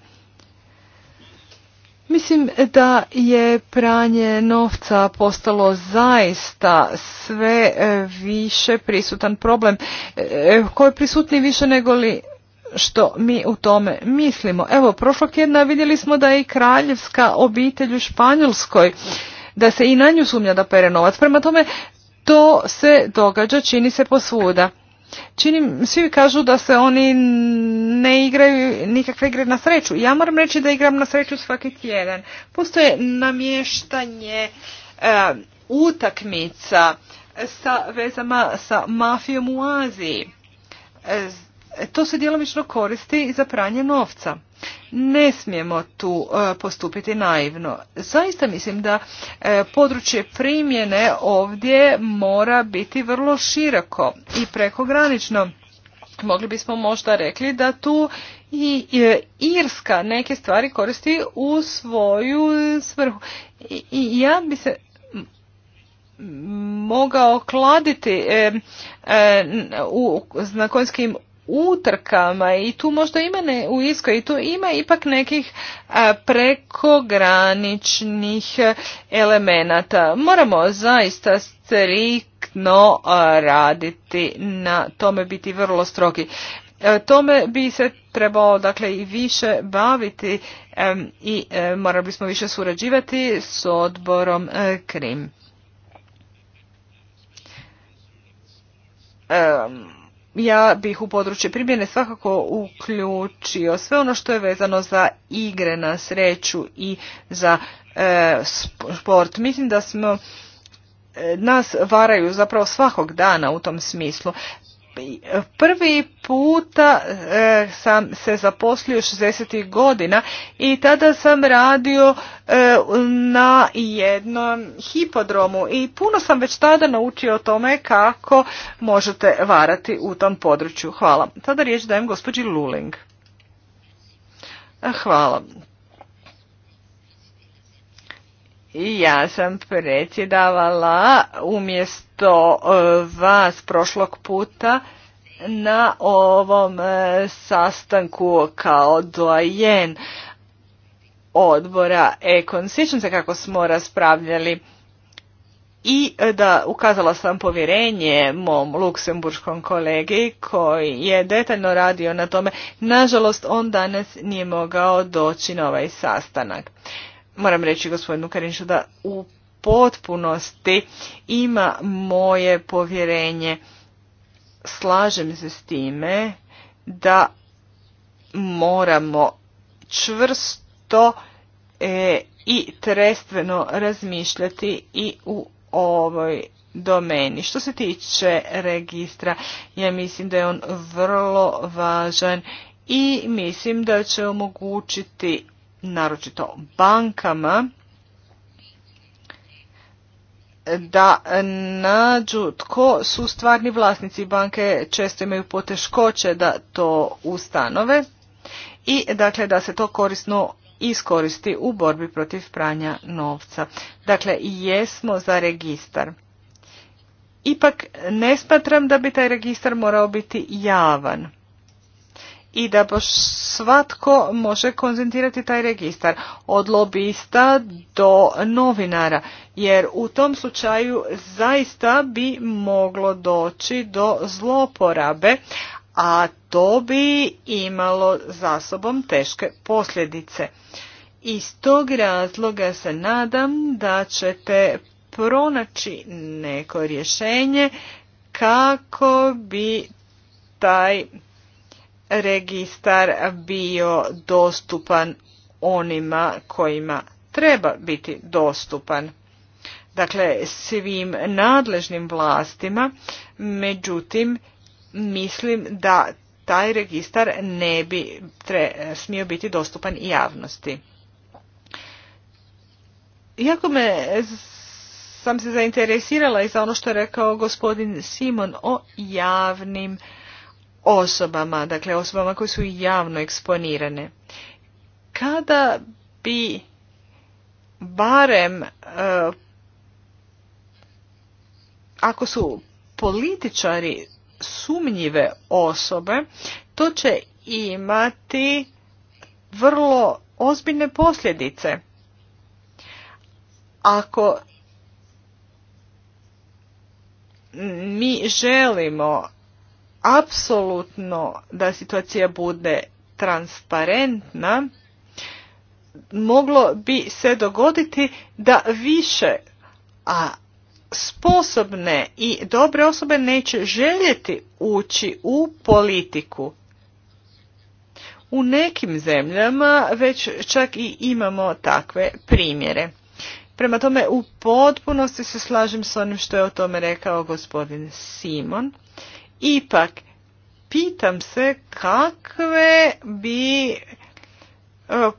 Mislim da je pranje novca postalo zaista sve e, više prisutan problem koji je prisutni više nego li što mi u tome mislimo. Evo, prošlog tjedna vidjeli smo da je i kraljevska obitelj u Španjolskoj, da se i na nju sumnja da pere novac. Prema tome, to se događa, čini se posvuda. Činim, svi kažu da se oni ne igraju nikakve igre na sreću. Ja moram reći da igram na sreću svaki tjedan. Postoje namještanje eh, utakmica sa vezama sa mafijom u Aziji. E, to se djelomično koristi i za pranje novca. Ne smijemo tu e, postupiti naivno. Zaista mislim da e, područje primjene ovdje mora biti vrlo široko i prekogranično. Mogli bismo možda rekli da tu i e, Irska neke stvari koristi u svoju svrhu. I ja bi se mogao kladiti na u utrkama i tu možda ima ne, u Irskoj i tu ima ipak nekih a, prekograničnih e, elemenata. Moramo zaista striktno raditi na tome biti vrlo strogi. E, tome bi se trebalo dakle i više baviti e, i morali bismo više surađivati s odborom Krim ja bih u područje primjene svakako uključio sve ono što je vezano za igre na sreću i za e, sport. Mislim da smo e, nas varaju zapravo svakog dana u tom smislu prvi puta e, sam se zaposlio 60. godina i tada sam radio e, na jednom hipodromu i puno sam već tada naučio o tome kako možete varati u tom području. Hvala. Tada riječ dajem gospođi Luling. Hvala ja sam predsjedavala umjesto e, vas prošlog puta na ovom e, sastanku kao dojen odbora Ekon. Sjećam se kako smo raspravljali i e, da ukazala sam povjerenje mom luksemburškom kolegi koji je detaljno radio na tome. Nažalost, on danas nije mogao doći na ovaj sastanak. Moram reći gospodinu Karinšu da u potpunosti ima moje povjerenje. Slažem se s time da moramo čvrsto e, i trestveno razmišljati i u ovoj domeni. Što se tiče registra, ja mislim da je on vrlo važan i mislim da će omogućiti naročito bankama, da nađu tko su stvarni vlasnici banke, često imaju poteškoće da to ustanove i dakle da se to korisno iskoristi u borbi protiv pranja novca. Dakle, jesmo za registar. Ipak ne smatram da bi taj registar morao biti javan i da baš svatko može konzentirati taj registar od lobista do novinara jer u tom slučaju zaista bi moglo doći do zloporabe a to bi imalo za sobom teške posljedice. Iz tog razloga se nadam da ćete pronaći neko rješenje kako bi taj registar bio dostupan onima kojima treba biti dostupan. Dakle, svim nadležnim vlastima, međutim, mislim da taj registar ne bi tre, smio biti dostupan javnosti. Iako me sam se zainteresirala i za ono što je rekao gospodin Simon o javnim osobama, dakle osobama koje su javno eksponirane. Kada bi barem e, ako su političari sumnjive osobe, to će imati vrlo ozbiljne posljedice. Ako mi želimo apsolutno da situacija bude transparentna, moglo bi se dogoditi da više a sposobne i dobre osobe neće željeti ući u politiku. U nekim zemljama već čak i imamo takve primjere. Prema tome u potpunosti se slažem s onim što je o tome rekao gospodin Simon. Ipak, pitam se kakve bi e,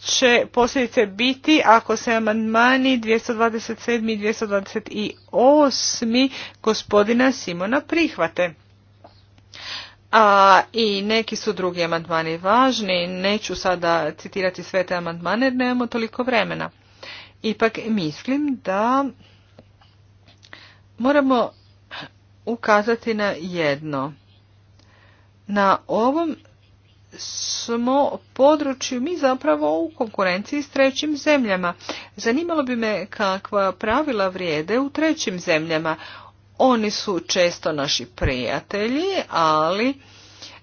će posljedice biti ako se amandmani 227. i 228. gospodina Simona prihvate. A, I neki su drugi amandmani važni, neću sada citirati sve te amandmane jer nemamo toliko vremena. Ipak mislim da moramo ukazati na jedno. Na ovom smo području mi zapravo u konkurenciji s trećim zemljama. Zanimalo bi me kakva pravila vrijede u trećim zemljama. Oni su često naši prijatelji, ali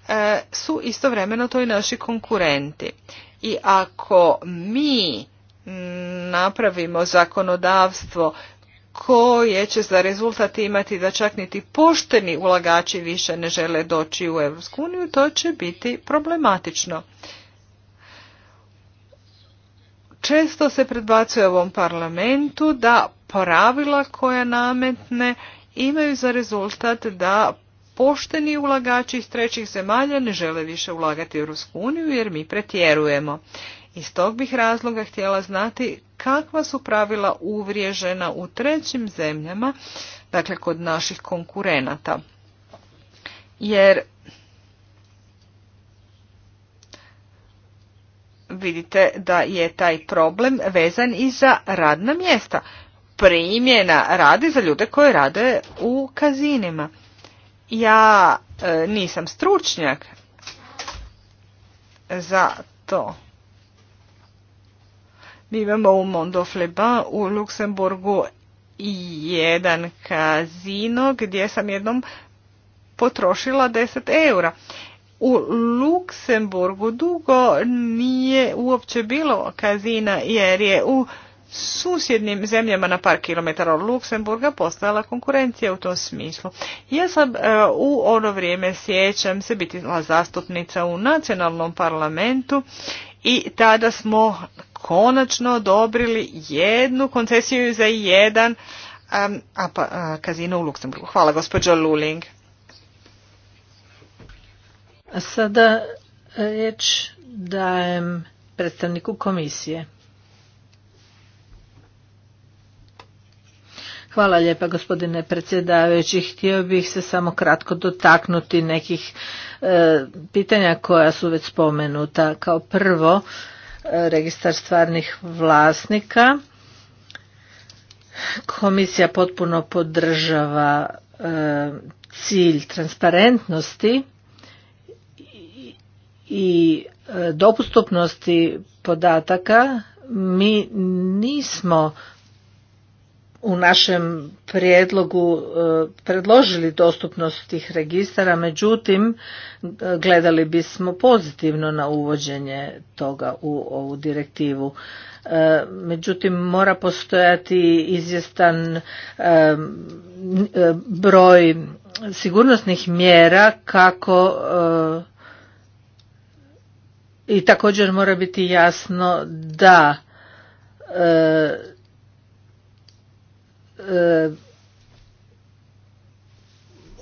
e, su istovremeno to i naši konkurenti. I ako mi napravimo zakonodavstvo koje će za rezultat imati da čak niti pošteni ulagači više ne žele doći u EU, to će biti problematično. Često se predbacuje ovom parlamentu da pravila koja nametne imaju za rezultat da pošteni ulagači iz trećih zemalja ne žele više ulagati u EU uniju jer mi pretjerujemo. Iz tog bih razloga htjela znati kakva su pravila uvriježena u trećim zemljama, dakle kod naših konkurenata. Jer vidite da je taj problem vezan i za radna mjesta. Primjena radi za ljude koji rade u kazinima. Ja e, nisam stručnjak za to. Mi imamo u Mondofleba u Luksemburgu jedan kazino gdje sam jednom potrošila 10 eura. U Luksemburgu dugo nije uopće bilo kazina jer je u susjednim zemljama na par kilometara od Luksemburga postojala konkurencija u tom smislu. Ja sam e, u ono vrijeme sjećam se biti zastupnica u nacionalnom parlamentu i tada smo konačno odobrili jednu koncesiju za jedan um, a, pa, uh, kazino u Luksemburgu. Hvala gospođo Luling. sada uh, riječ dajem predstavniku komisije. Hvala lijepa gospodine predsjedavajući. Htio bih se samo kratko dotaknuti nekih uh, pitanja koja su već spomenuta. Kao prvo, registar stvarnih vlasnika. Komisija potpuno podržava e, cilj transparentnosti i e, dopustupnosti podataka mi nismo u našem prijedlogu e, predložili dostupnost tih registara, međutim e, gledali bismo pozitivno na uvođenje toga u ovu direktivu. E, međutim, mora postojati izvjestan broj sigurnosnih mjera kako i također mora biti jasno da E,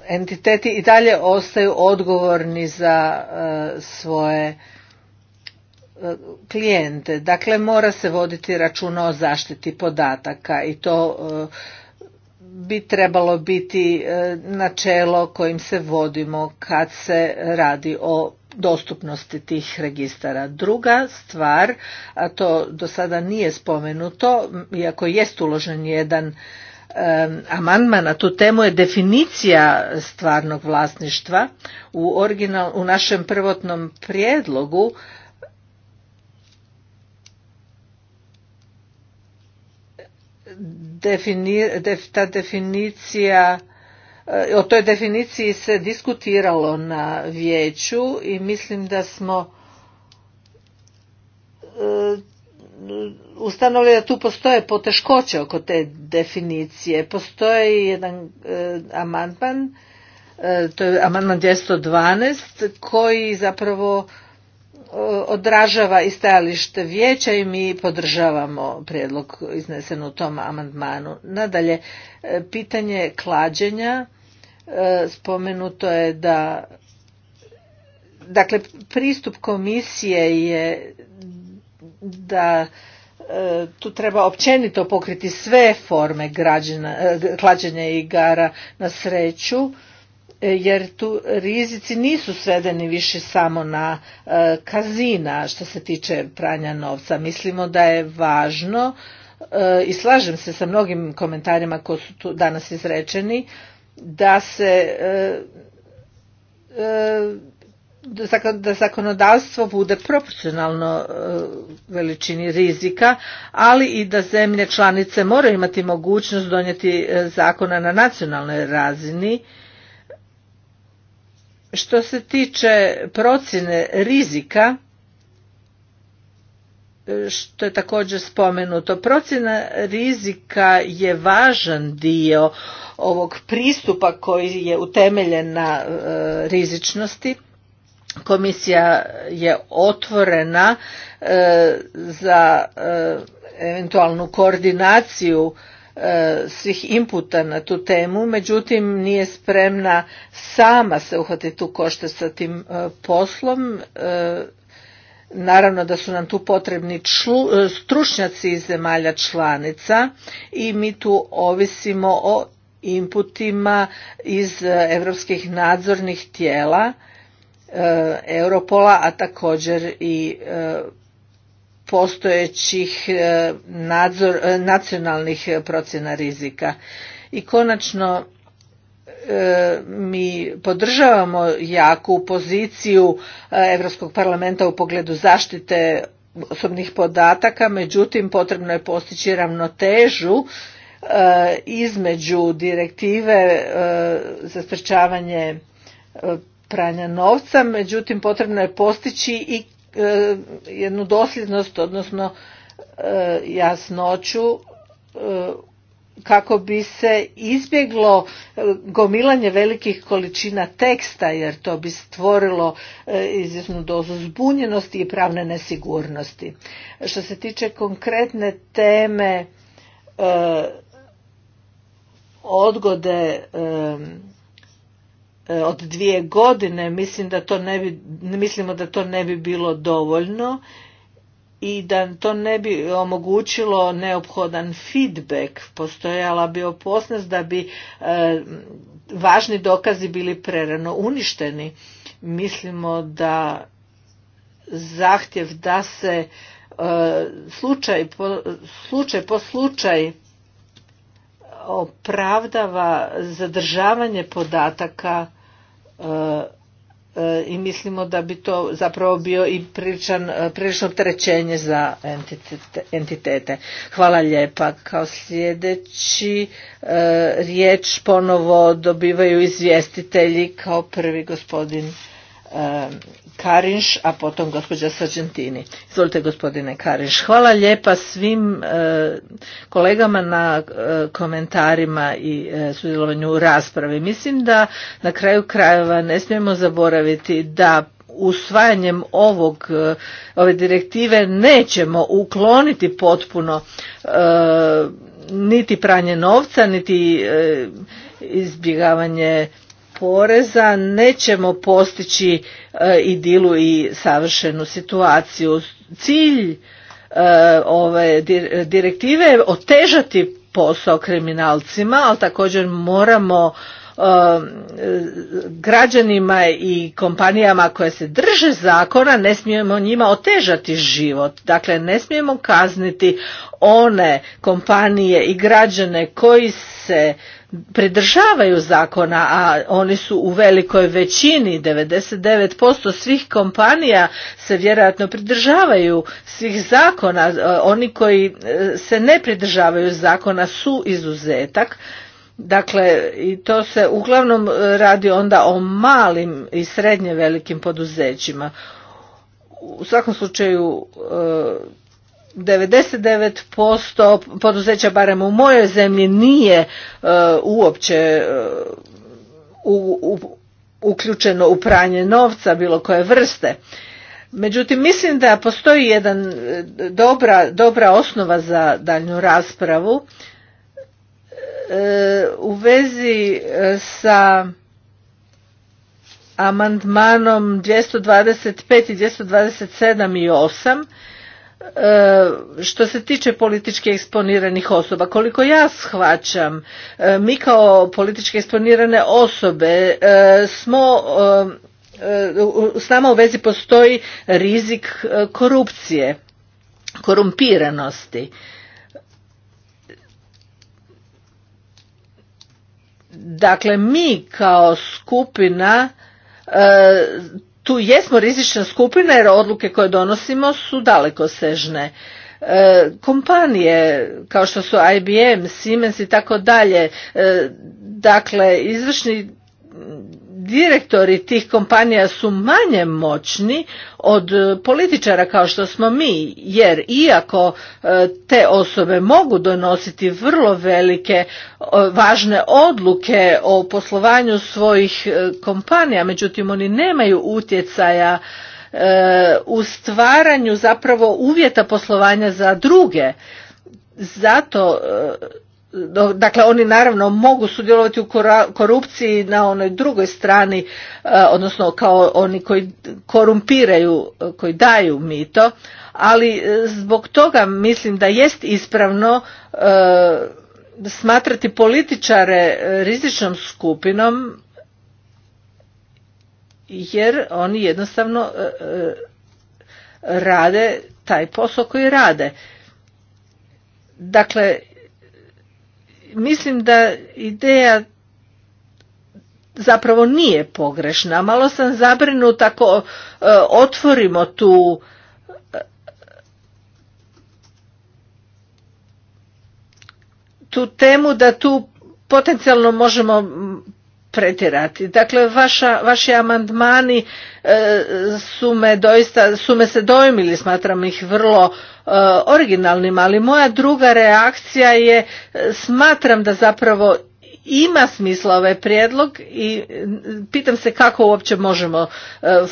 entiteti i dalje ostaju odgovorni za e, svoje e, klijente. Dakle, mora se voditi računa o zaštiti podataka i to bi trebalo biti načelo kojim se vodimo kad se radi o dostupnosti tih registara. Druga stvar, a to do sada nije spomenuto, iako jest uložen jedan amandman na tu temu je definicija stvarnog vlasništva u, original, u našem prvotnom prijedlogu ta definicija e, o toj definiciji se diskutiralo na vijeću i mislim da smo e, ustanovili da tu postoje poteškoće oko te definicije. Postoji jedan e, amandman, e, to je amandman 212, koji zapravo e, odražava i stajalište vijeća i mi podržavamo prijedlog iznesen u tom amandmanu. Nadalje, pitanje klađenja, spomenuto je da dakle pristup komisije je da e, tu treba općenito pokriti sve forme građana, e, klađenja igara na sreću e, jer tu rizici nisu svedeni više samo na kazina što se tiče pranja novca. Mislimo da je važno i slažem se sa mnogim komentarima koji su tu danas izrečeni da se da zakonodavstvo bude proporcionalno e, veličini rizika, ali i da zemlje članice moraju imati mogućnost donijeti e, zakona na nacionalnoj razini. Što se tiče procjene rizika, e, što je također spomenuto. Procjena rizika je važan dio ovog pristupa koji je utemeljen na rizičnosti komisija je otvorena e, za e, eventualnu koordinaciju e, svih inputa na tu temu, međutim nije spremna sama se uhvatiti u košte sa tim poslom. Naravno da su nam tu potrebni stručnjaci iz zemalja članica i mi tu ovisimo o inputima iz europskih nadzornih tijela E, Europola, a također i e, postojećih e, nadzor, nacionalnih procjena rizika. I konačno mi podržavamo jaku poziciju Europskog parlamenta u pogledu zaštite osobnih podataka, međutim potrebno je postići ravnotežu između direktive za sprečavanje pranja novca, međutim potrebno je postići i e, jednu dosljednost, odnosno e, jasnoću e, kako bi se izbjeglo gomilanje velikih količina teksta jer to bi stvorilo izvjesnu dozu zbunjenosti i pravne nesigurnosti. Što se tiče konkretne teme odgode E, od dvije godine mislim da to ne bi, mislimo da to ne bi bilo dovoljno i da to ne bi omogućilo neophodan feedback. Postojala bi opasnost da bi e, važni dokazi bili prerano uništeni. Mislimo da zahtjev da se e, slučaj, slučaj po slučaj opravdava zadržavanje podataka E, e, i mislimo da bi to zapravo bio i priličan, e, prilično trećenje za entitete. Hvala lijepa. Kao sljedeći riječ ponovo dobivaju izvjestitelji kao prvi gospodin Karinš, a potom gospođa Sargentini. Izvolite gospodine Karinš. Hvala lijepa svim e, kolegama na e, komentarima i e, sudjelovanju u raspravi. Mislim da na kraju krajeva ne smijemo zaboraviti da usvajanjem ovog, ove direktive nećemo ukloniti potpuno niti pranje novca, niti izbjegavanje poreza nećemo postići e, idilu i savršenu situaciju. Cilj e, ove direktive je otežati posao kriminalcima, ali također moramo e, građanima i kompanijama koje se drže zakona ne smijemo njima otežati život. Dakle, ne smijemo kazniti one kompanije i građane koji se pridržavaju zakona, a oni su u velikoj većini, 99% svih kompanija se vjerojatno pridržavaju svih zakona, e, oni koji e, se ne pridržavaju zakona su izuzetak. Dakle, i to se uglavnom radi onda o malim i srednje velikim poduzećima. U svakom slučaju e, 99% poduzeća barem u mojoj zemlji nije e, uopće e, uključeno u pranje novca bilo koje vrste. Međutim, mislim da postoji jedan e, dobra, dobra osnova za daljnju raspravu u vezi sa amandmanom 225 i 227 i 8 E, što se tiče politički eksponiranih osoba koliko ja shvaćam e, mi kao politički eksponirane osobe e, smo s nama u vezi postoji rizik korupcije korumpiranosti dakle mi kao skupina tu jesmo rizična skupina jer odluke koje donosimo su dalekosežne. sežne. kompanije kao što su IBM, Siemens i tako dalje, e, dakle izvršni direktori tih kompanija su manje moćni od e, političara kao što smo mi jer iako e, te osobe mogu donositi vrlo velike e, važne odluke o poslovanju svojih kompanija međutim oni nemaju utjecaja u stvaranju zapravo uvjeta poslovanja za druge zato dakle oni naravno mogu sudjelovati u korupciji na onoj drugoj strani e, odnosno kao oni koji korumpiraju e, koji daju mito ali e, zbog toga mislim da jest ispravno smatrati političare rizičnom skupinom jer oni jednostavno rade taj posao koji rade dakle mislim da ideja zapravo nije pogrešna. Malo sam zabrinuta ako e, otvorimo tu e, tu temu da tu potencijalno možemo pretjerati. Dakle, vaša, vaši amandmani e, su me doista, su me se dojmili, smatram ih vrlo e, originalnim, ali moja druga reakcija je, e, smatram da zapravo ima smisla ovaj prijedlog i pitam se kako uopće možemo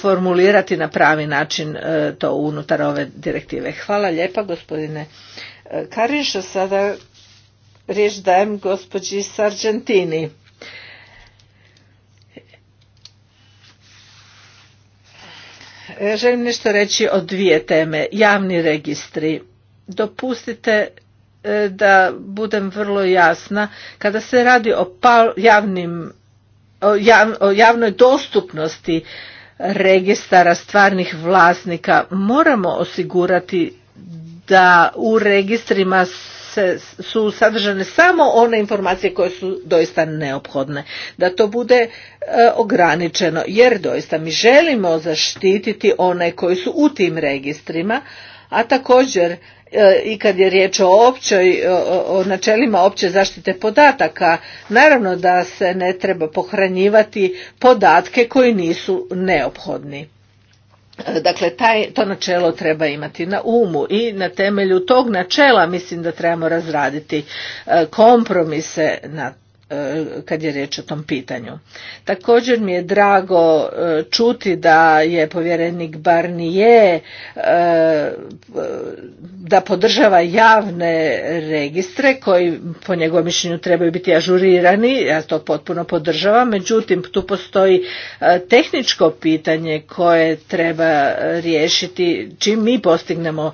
formulirati na pravi način to unutar ove direktive. Hvala lijepa gospodine Karinša, sada riječ dajem gospođi Sargentini. E, želim nešto reći o dvije teme. Javni registri. Dopustite e, da budem vrlo jasna. Kada se radi o javnim o javnoj dostupnosti registara stvarnih vlasnika moramo osigurati da u registrima su sadržane samo one informacije koje su doista neophodne. Da to bude e, ograničeno jer doista mi želimo zaštititi one koji su u tim registrima, a također e, i kad je riječ o općoj, o načelima opće zaštite podataka, naravno da se ne treba pohranjivati podatke koji nisu neophodni. E, dakle, taj, to načelo treba imati na umu i na temelju tog načela mislim da trebamo razraditi e, kompromise na E, kad je riječ o tom pitanju. Također mi je drago e, čuti da je povjerenik Barnije da podržava javne registre koji po njegovom mišljenju trebaju biti ažurirani, ja to potpuno podržavam, međutim tu postoji e, tehničko pitanje koje treba riješiti čim mi postignemo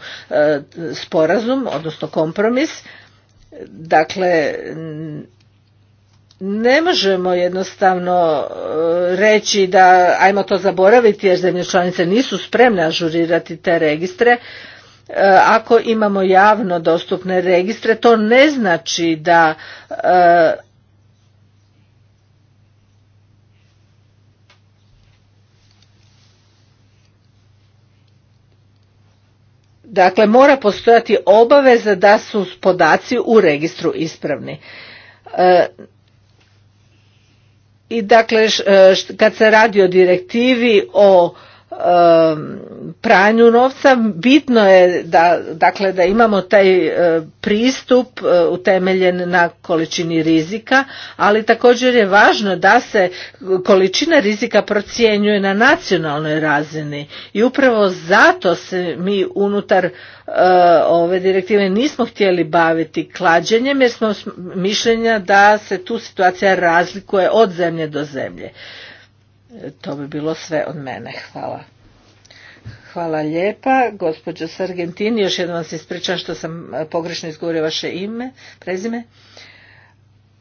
sporazum, odnosno kompromis, dakle ne možemo jednostavno e, reći da ajmo to zaboraviti jer zemlje članice nisu spremne ažurirati te registre. E, ako imamo javno dostupne registre, to ne znači da e, Dakle, mora postojati obaveza da su podaci u registru ispravni i dakle e, kad se radi o direktivi o Um, pranju novca bitno je da dakle da imamo taj uh, pristup uh, utemeljen na količini rizika ali također je važno da se količina rizika procjenjuje na nacionalnoj razini i upravo zato se mi unutar uh, ove direktive nismo htjeli baviti klađenjem jer smo mišljenja da se tu situacija razlikuje od zemlje do zemlje to bi bilo sve od mene. Hvala. Hvala lijepa. Gospođo Sargentini, još jednom vam se ispričam što sam e, pogrešno izgovorio vaše ime, prezime.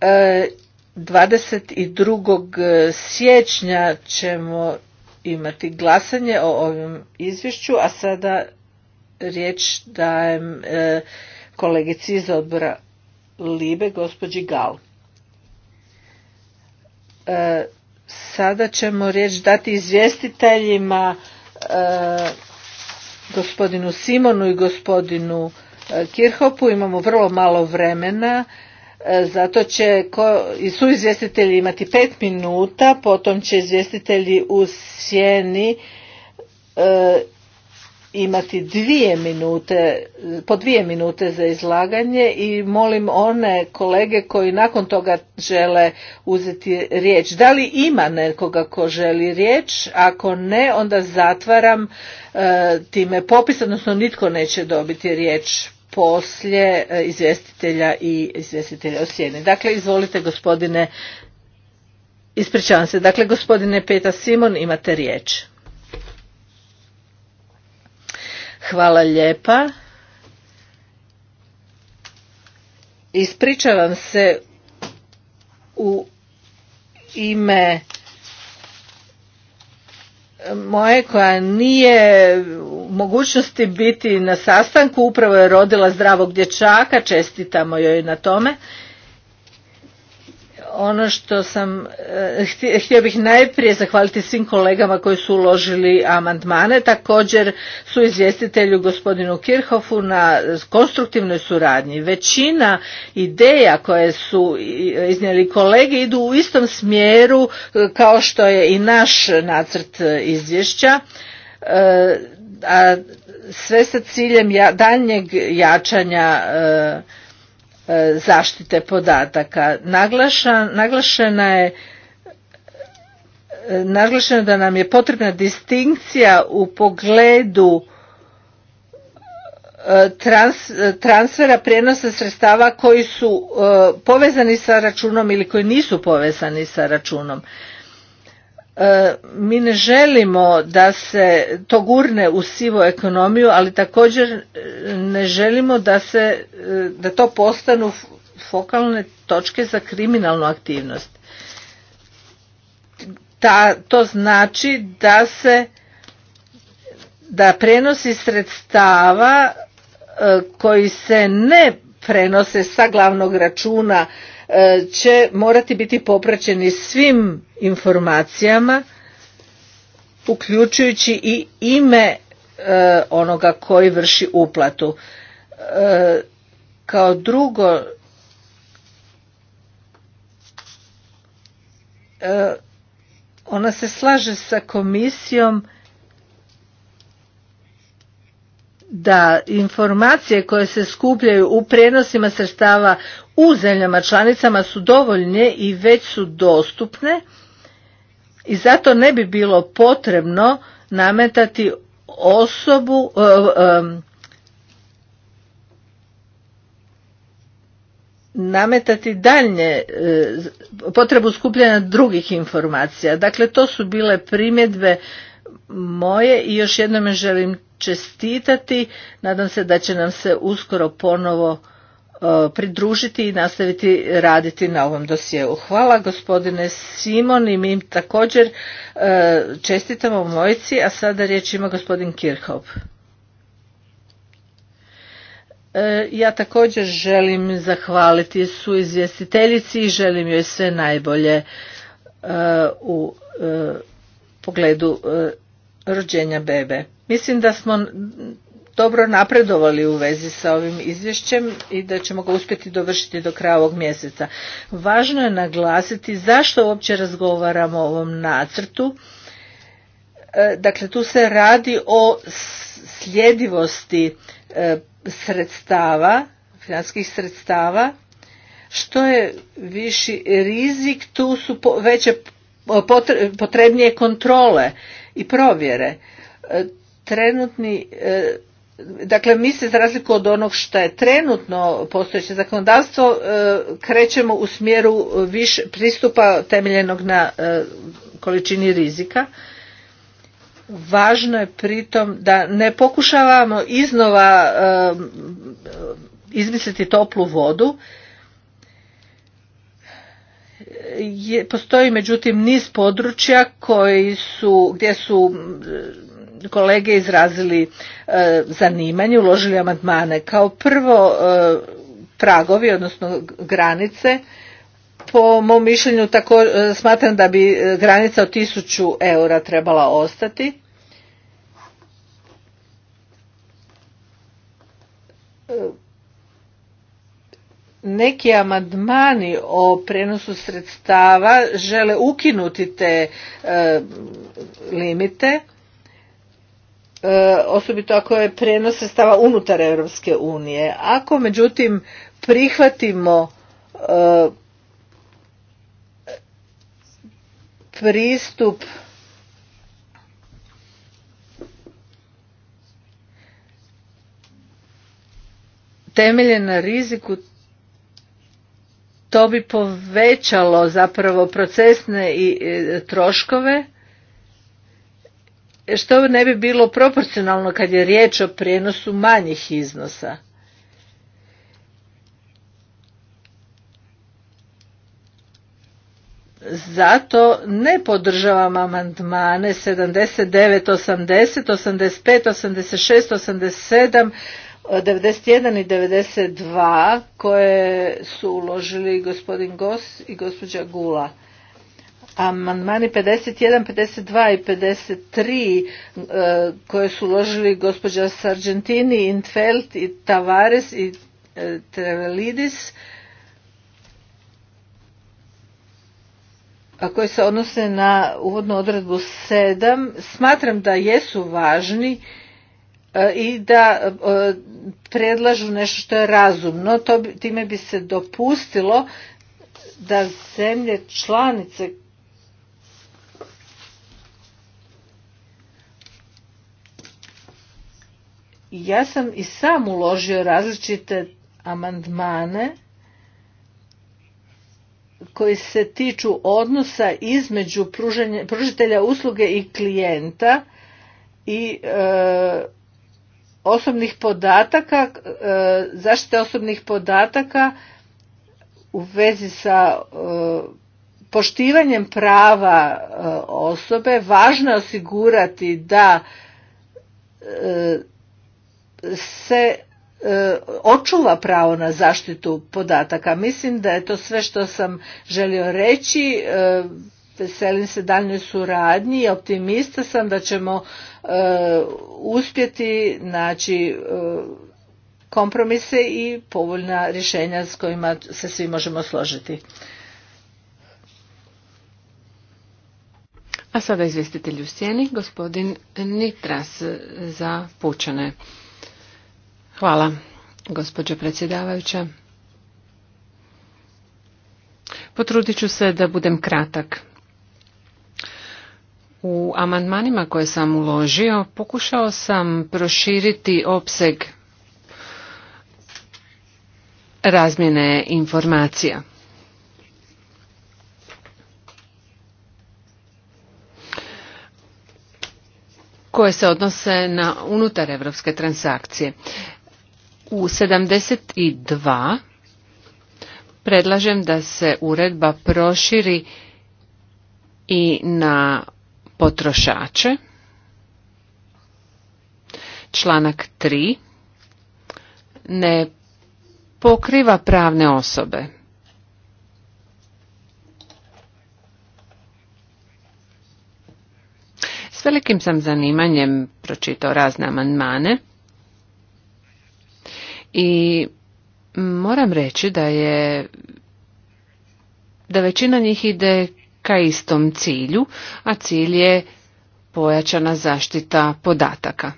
E, 22. siječnja ćemo imati glasanje o ovom izvješću, a sada riječ dajem e, kolegici iz odbora Libe, gospođi Gal. E, Sada ćemo riječ dati izvjestiteljima e, gospodinu Simonu i gospodinu e, Kirhopu. Imamo vrlo malo vremena, e, zato će i su izvjestitelji imati pet minuta, potom će izvjestitelji u sjeni imati dvije minute, po dvije minute za izlaganje i molim one kolege koji nakon toga žele uzeti riječ. Da li ima nekoga ko želi riječ? Ako ne, onda zatvaram e, time popis, odnosno nitko neće dobiti riječ poslije e, izvjestitelja i izvjestitelja o Dakle, izvolite gospodine, ispričavam se, dakle gospodine Peta Simon imate riječ. Hvala lijepa. Ispričavam se u ime moje koja nije u mogućnosti biti na sastanku, upravo je rodila zdravog dječaka, čestitamo joj na tome ono što sam eh, htio bih najprije zahvaliti svim kolegama koji su uložili amandmane također su izvjestitelju gospodinu Kirhofu na konstruktivnoj suradnji većina ideja koje su iznijeli kolege idu u istom smjeru eh, kao što je i naš nacrt eh, izvješća a sve sa ciljem daljnjeg jačanja E, zaštite podataka. naglašena je e, naglašeno da nam je potrebna distinkcija u pogledu e, trans, transfera prijenosa sredstava koji su povezani sa računom ili koji nisu povezani sa računom. E, mi ne želimo da se to gurne u sivu ekonomiju, ali također e, ne želimo da, se, e, da to postanu fokalne točke za kriminalnu aktivnost. Ta, to znači da se da prenosi sredstava koji se ne prenose sa glavnog računa E, će morati biti popraćeni svim informacijama uključujući i ime e, onoga koji vrši uplatu. E, kao drugo ona se slaže sa komisijom da informacije koje se skupljaju u prenosima sredstava u zemljama članicama su dovoljne i već su dostupne i zato ne bi bilo potrebno nametati osobu e, e, nametati daljnje e, potrebu skupljanja drugih informacija. Dakle, to su bile primjedbe moje i još jednom želim čestitati. Nadam se da će nam se uskoro ponovo E, pridružiti i nastaviti raditi na ovom dosjeu. Hvala gospodine Simon i mi im također e, čestitamo Mojci, a sada riječ ima gospodin Kirchhoff. E, ja također želim zahvaliti su izvjestiteljici i želim joj sve najbolje u pogledu rođenja bebe. Mislim da smo dobro napredovali u vezi sa ovim izvješćem i da ćemo ga uspjeti dovršiti do kraja ovog mjeseca. Važno je naglasiti zašto uopće razgovaramo o ovom nacrtu. E, dakle, tu se radi o sljedivosti e, sredstava, financijskih sredstava. Što je viši rizik, tu su veće potrebnije kontrole i provjere e, trenutni Dakle, mi se za razliku od onog što je trenutno postojeće zakonodavstvo e, krećemo u smjeru više pristupa temeljenog na e, količini rizika. Važno je pritom da ne pokušavamo iznova e, izmisliti toplu vodu. Postoji međutim niz područja koji su, gdje su kolege izrazili e, zanimanje, uložili amandmane. Kao prvo e, pragovi, odnosno granice, po mom mišljenju tako e, smatram da bi granica od 1000 eura trebala ostati. Neki amandmani o prenosu sredstava žele ukinuti te limite E, osobito ako je prijenos sredstava unutar Europske unije. Ako međutim prihvatimo e, pristup temelje na riziku to bi povećalo zapravo procesne i e, troškove što ne bi bilo proporcionalno kad je riječ o prijenosu manjih iznosa. Zato ne podržavam amandmane 79, 80, 85, 86, 87, 91 i 92 koje su uložili gospodin Gos i gospođa Gula. Amandmani 51, 52 i 53 e, koje su uložili gospođa Sargentini, Intfeld i Tavares i e, Trevelidis a koji se odnose na uvodnu odredbu 7 smatram da jesu važni e, i da predlažu nešto što je razumno. To, time bi se dopustilo da zemlje članice Ja sam i sam uložio različite amandmane koji se tiču odnosa između pružitelja usluge i klijenta i e, osobnih podataka, e, zaštite osobnih podataka u vezi sa e, poštivanjem prava e, osobe, važno je osigurati da se e, očuva pravo na zaštitu podataka. Mislim da je to sve što sam želio reći. E, veselim se daljnoj suradnji i optimista sam da ćemo e, uspjeti naći kompromise i povoljna rješenja s kojima se svi možemo složiti. A sada izvjestitelj u sjeni, gospodin Nitras za pučane. Hvala, gospođo predsjedavajuća. Potrudit ću se da budem kratak. U amandmanima koje sam uložio pokušao sam proširiti opseg razmjene informacija. koje se odnose na unutar evropske transakcije. U 72 predlažem da se uredba proširi i na potrošače. Članak 3 ne pokriva pravne osobe. S velikim sam zanimanjem pročitao razne amandmane i moram reći da je da većina njih ide ka istom cilju, a cilj je pojačana zaštita podataka.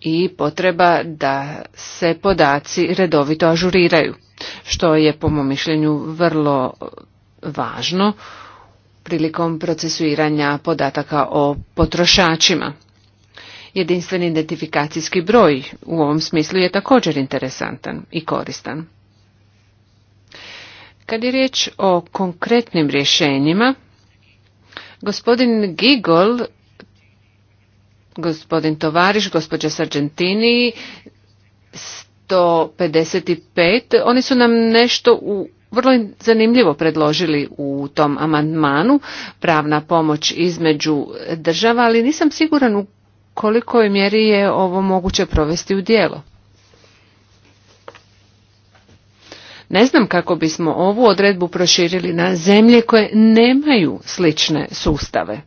I potreba da se podaci redovito ažuriraju, što je po mom mišljenju vrlo važno prilikom procesuiranja podataka o potrošačima. Jedinstveni identifikacijski broj u ovom smislu je također interesantan i koristan. Kad je riječ o konkretnim rješenjima, gospodin Gigol, gospodin Tovariš, gospođa Sargentini 155, oni su nam nešto u vrlo zanimljivo predložili u tom amandmanu pravna pomoć između država, ali nisam siguran u kolikoj mjeri je ovo moguće provesti u djelo. Ne znam kako bismo ovu odredbu proširili na zemlje koje nemaju slične sustave.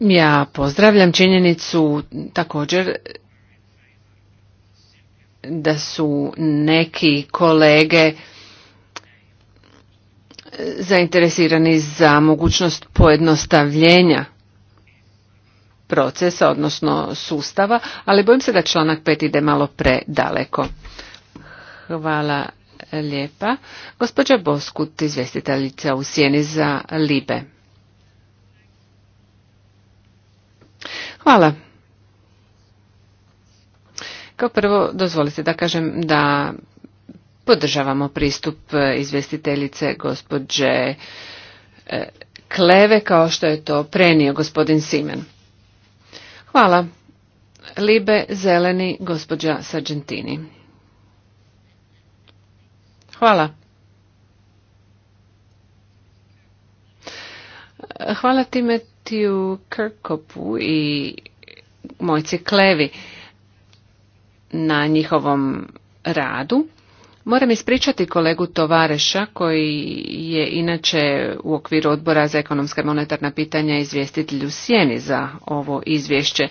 Ja pozdravljam činjenicu također da su neki kolege zainteresirani za mogućnost pojednostavljenja procesa, odnosno sustava, ali bojim se da članak pet ide malo predaleko. Hvala lijepa. Gospođa Boskut, izvjestiteljica u Sjeni za Libe. Hvala. Kao prvo, dozvolite da kažem da podržavamo pristup e, izvestiteljice gospođe e, Kleve kao što je to prenio gospodin Simen. Hvala. Libe zeleni gospođa Sargentini. Hvala. Hvala time Tiju Krkopu i Mojci Klevi na njihovom radu. Moram ispričati kolegu Tovareša koji je inače u okviru odbora za ekonomska i monetarna pitanja izvjestitelj u sjeni za ovo izvješće.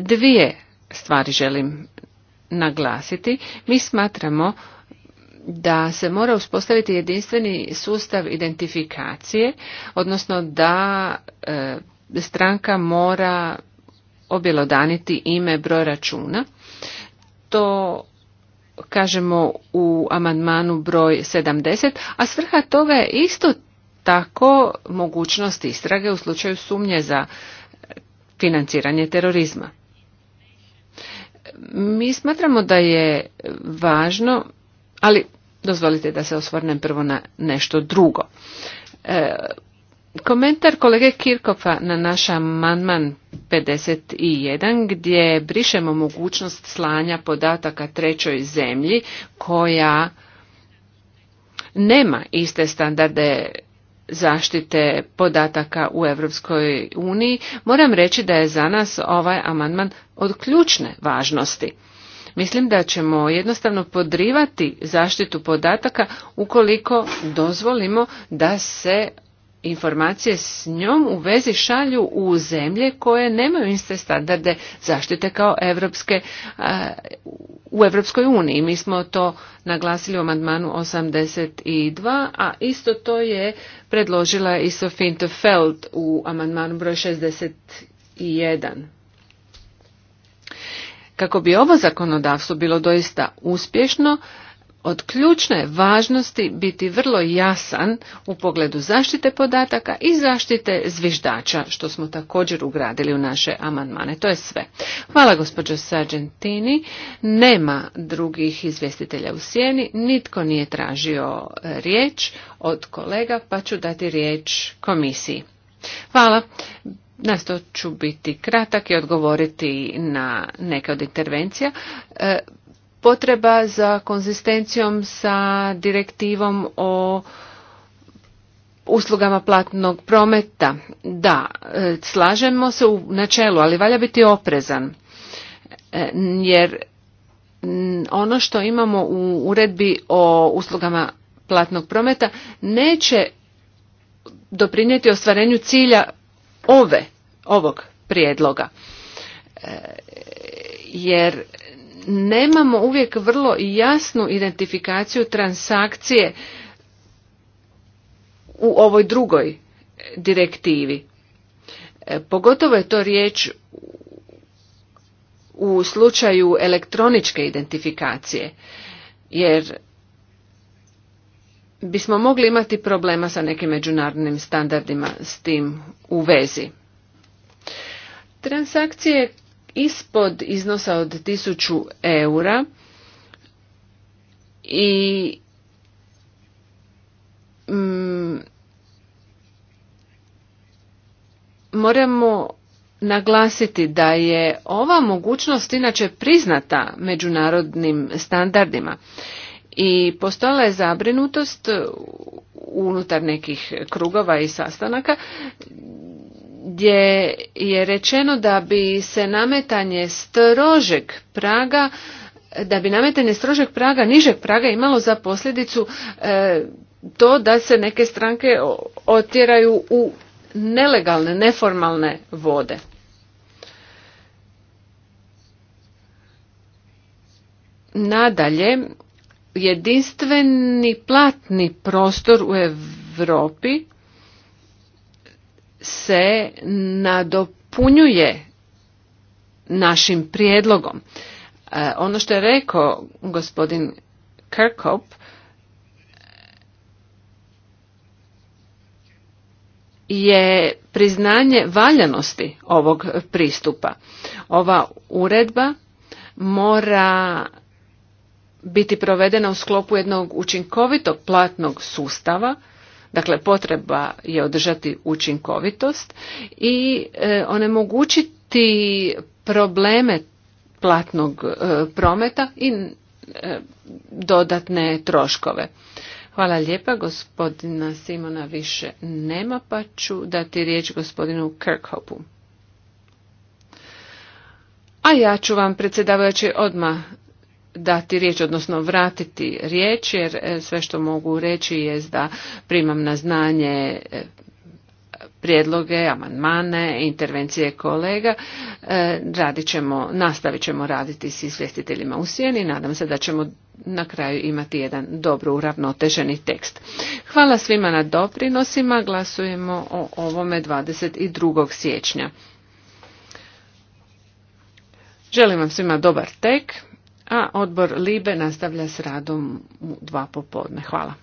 Dvije stvari želim naglasiti. Mi smatramo da se mora uspostaviti jedinstveni sustav identifikacije, odnosno da e, stranka mora objelodaniti ime broj računa. To kažemo u amandmanu broj 70, a svrha toga je isto tako mogućnost istrage u slučaju sumnje za financiranje terorizma. Mi smatramo da je važno ali dozvolite da se osvrnem prvo na nešto drugo. E, komentar kolege Kirkofa na naš amandman 51 gdje brišemo mogućnost slanja podataka trećoj zemlji koja nema iste standarde zaštite podataka u Europskoj uniji, moram reći da je za nas ovaj amandman od ključne važnosti. Mislim da ćemo jednostavno podrivati zaštitu podataka ukoliko dozvolimo da se informacije s njom u vezi šalju u zemlje koje nemaju iste standarde zaštite kao evropske, u Evropskoj uniji. Mi smo to naglasili u amandmanu 82, a isto to je predložila i Sofinte Feld u amandmanu broj 61. Kako bi ovo zakonodavstvo bilo doista uspješno, od ključne važnosti biti vrlo jasan u pogledu zaštite podataka i zaštite zviždača, što smo također ugradili u naše amandmane. To je sve. Hvala gospođo Sargentini. Nema drugih izvjestitelja u sjeni, nitko nije tražio riječ od kolega, pa ću dati riječ komisiji. Hvala. Nasto ću biti kratak i odgovoriti na neke od intervencija. E, potreba za konzistencijom sa direktivom o uslugama platnog prometa. Da, e, slažemo se u načelu, ali valja biti oprezan. E, jer ono što imamo u uredbi o uslugama platnog prometa neće doprinijeti ostvarenju cilja ove, ovog prijedloga. E, jer nemamo uvijek vrlo jasnu identifikaciju transakcije u ovoj drugoj direktivi. E, pogotovo je to riječ u slučaju elektroničke identifikacije, jer bismo mogli imati problema sa nekim međunarodnim standardima s tim u vezi. Transakcije ispod iznosa od 1000 eura i mm, moramo naglasiti da je ova mogućnost inače priznata međunarodnim standardima i postojala je zabrinutost unutar nekih krugova i sastanaka gdje je rečeno da bi se nametanje strožeg praga da bi nametanje strožeg praga, nižeg praga imalo za posljedicu e, to da se neke stranke otjeraju u nelegalne, neformalne vode. Nadalje, jedinstveni platni prostor u Europi se nadopunjuje našim prijedlogom. E, ono što je rekao gospodin Kirkop je priznanje valjanosti ovog pristupa. Ova uredba mora biti provedena u sklopu jednog učinkovitog platnog sustava, dakle potreba je održati učinkovitost i e, onemogućiti probleme platnog e, prometa i e, dodatne troškove. Hvala lijepa, gospodina Simona više nema, pa ću dati riječ gospodinu Kirkhopu. A ja ću vam predsjedavajući odmah dati riječ, odnosno vratiti riječ, jer e, sve što mogu reći je da primam na znanje e, prijedloge, amandmane, intervencije kolega. E, radit ćemo, nastavit ćemo raditi s izvjestiteljima u sjeni. Nadam se da ćemo na kraju imati jedan dobro uravnoteženi tekst. Hvala svima na doprinosima. Glasujemo o ovome 22. siječnja. Želim vam svima dobar tek. A odbor Libe nastavlja s radom u dva popodne. Hvala.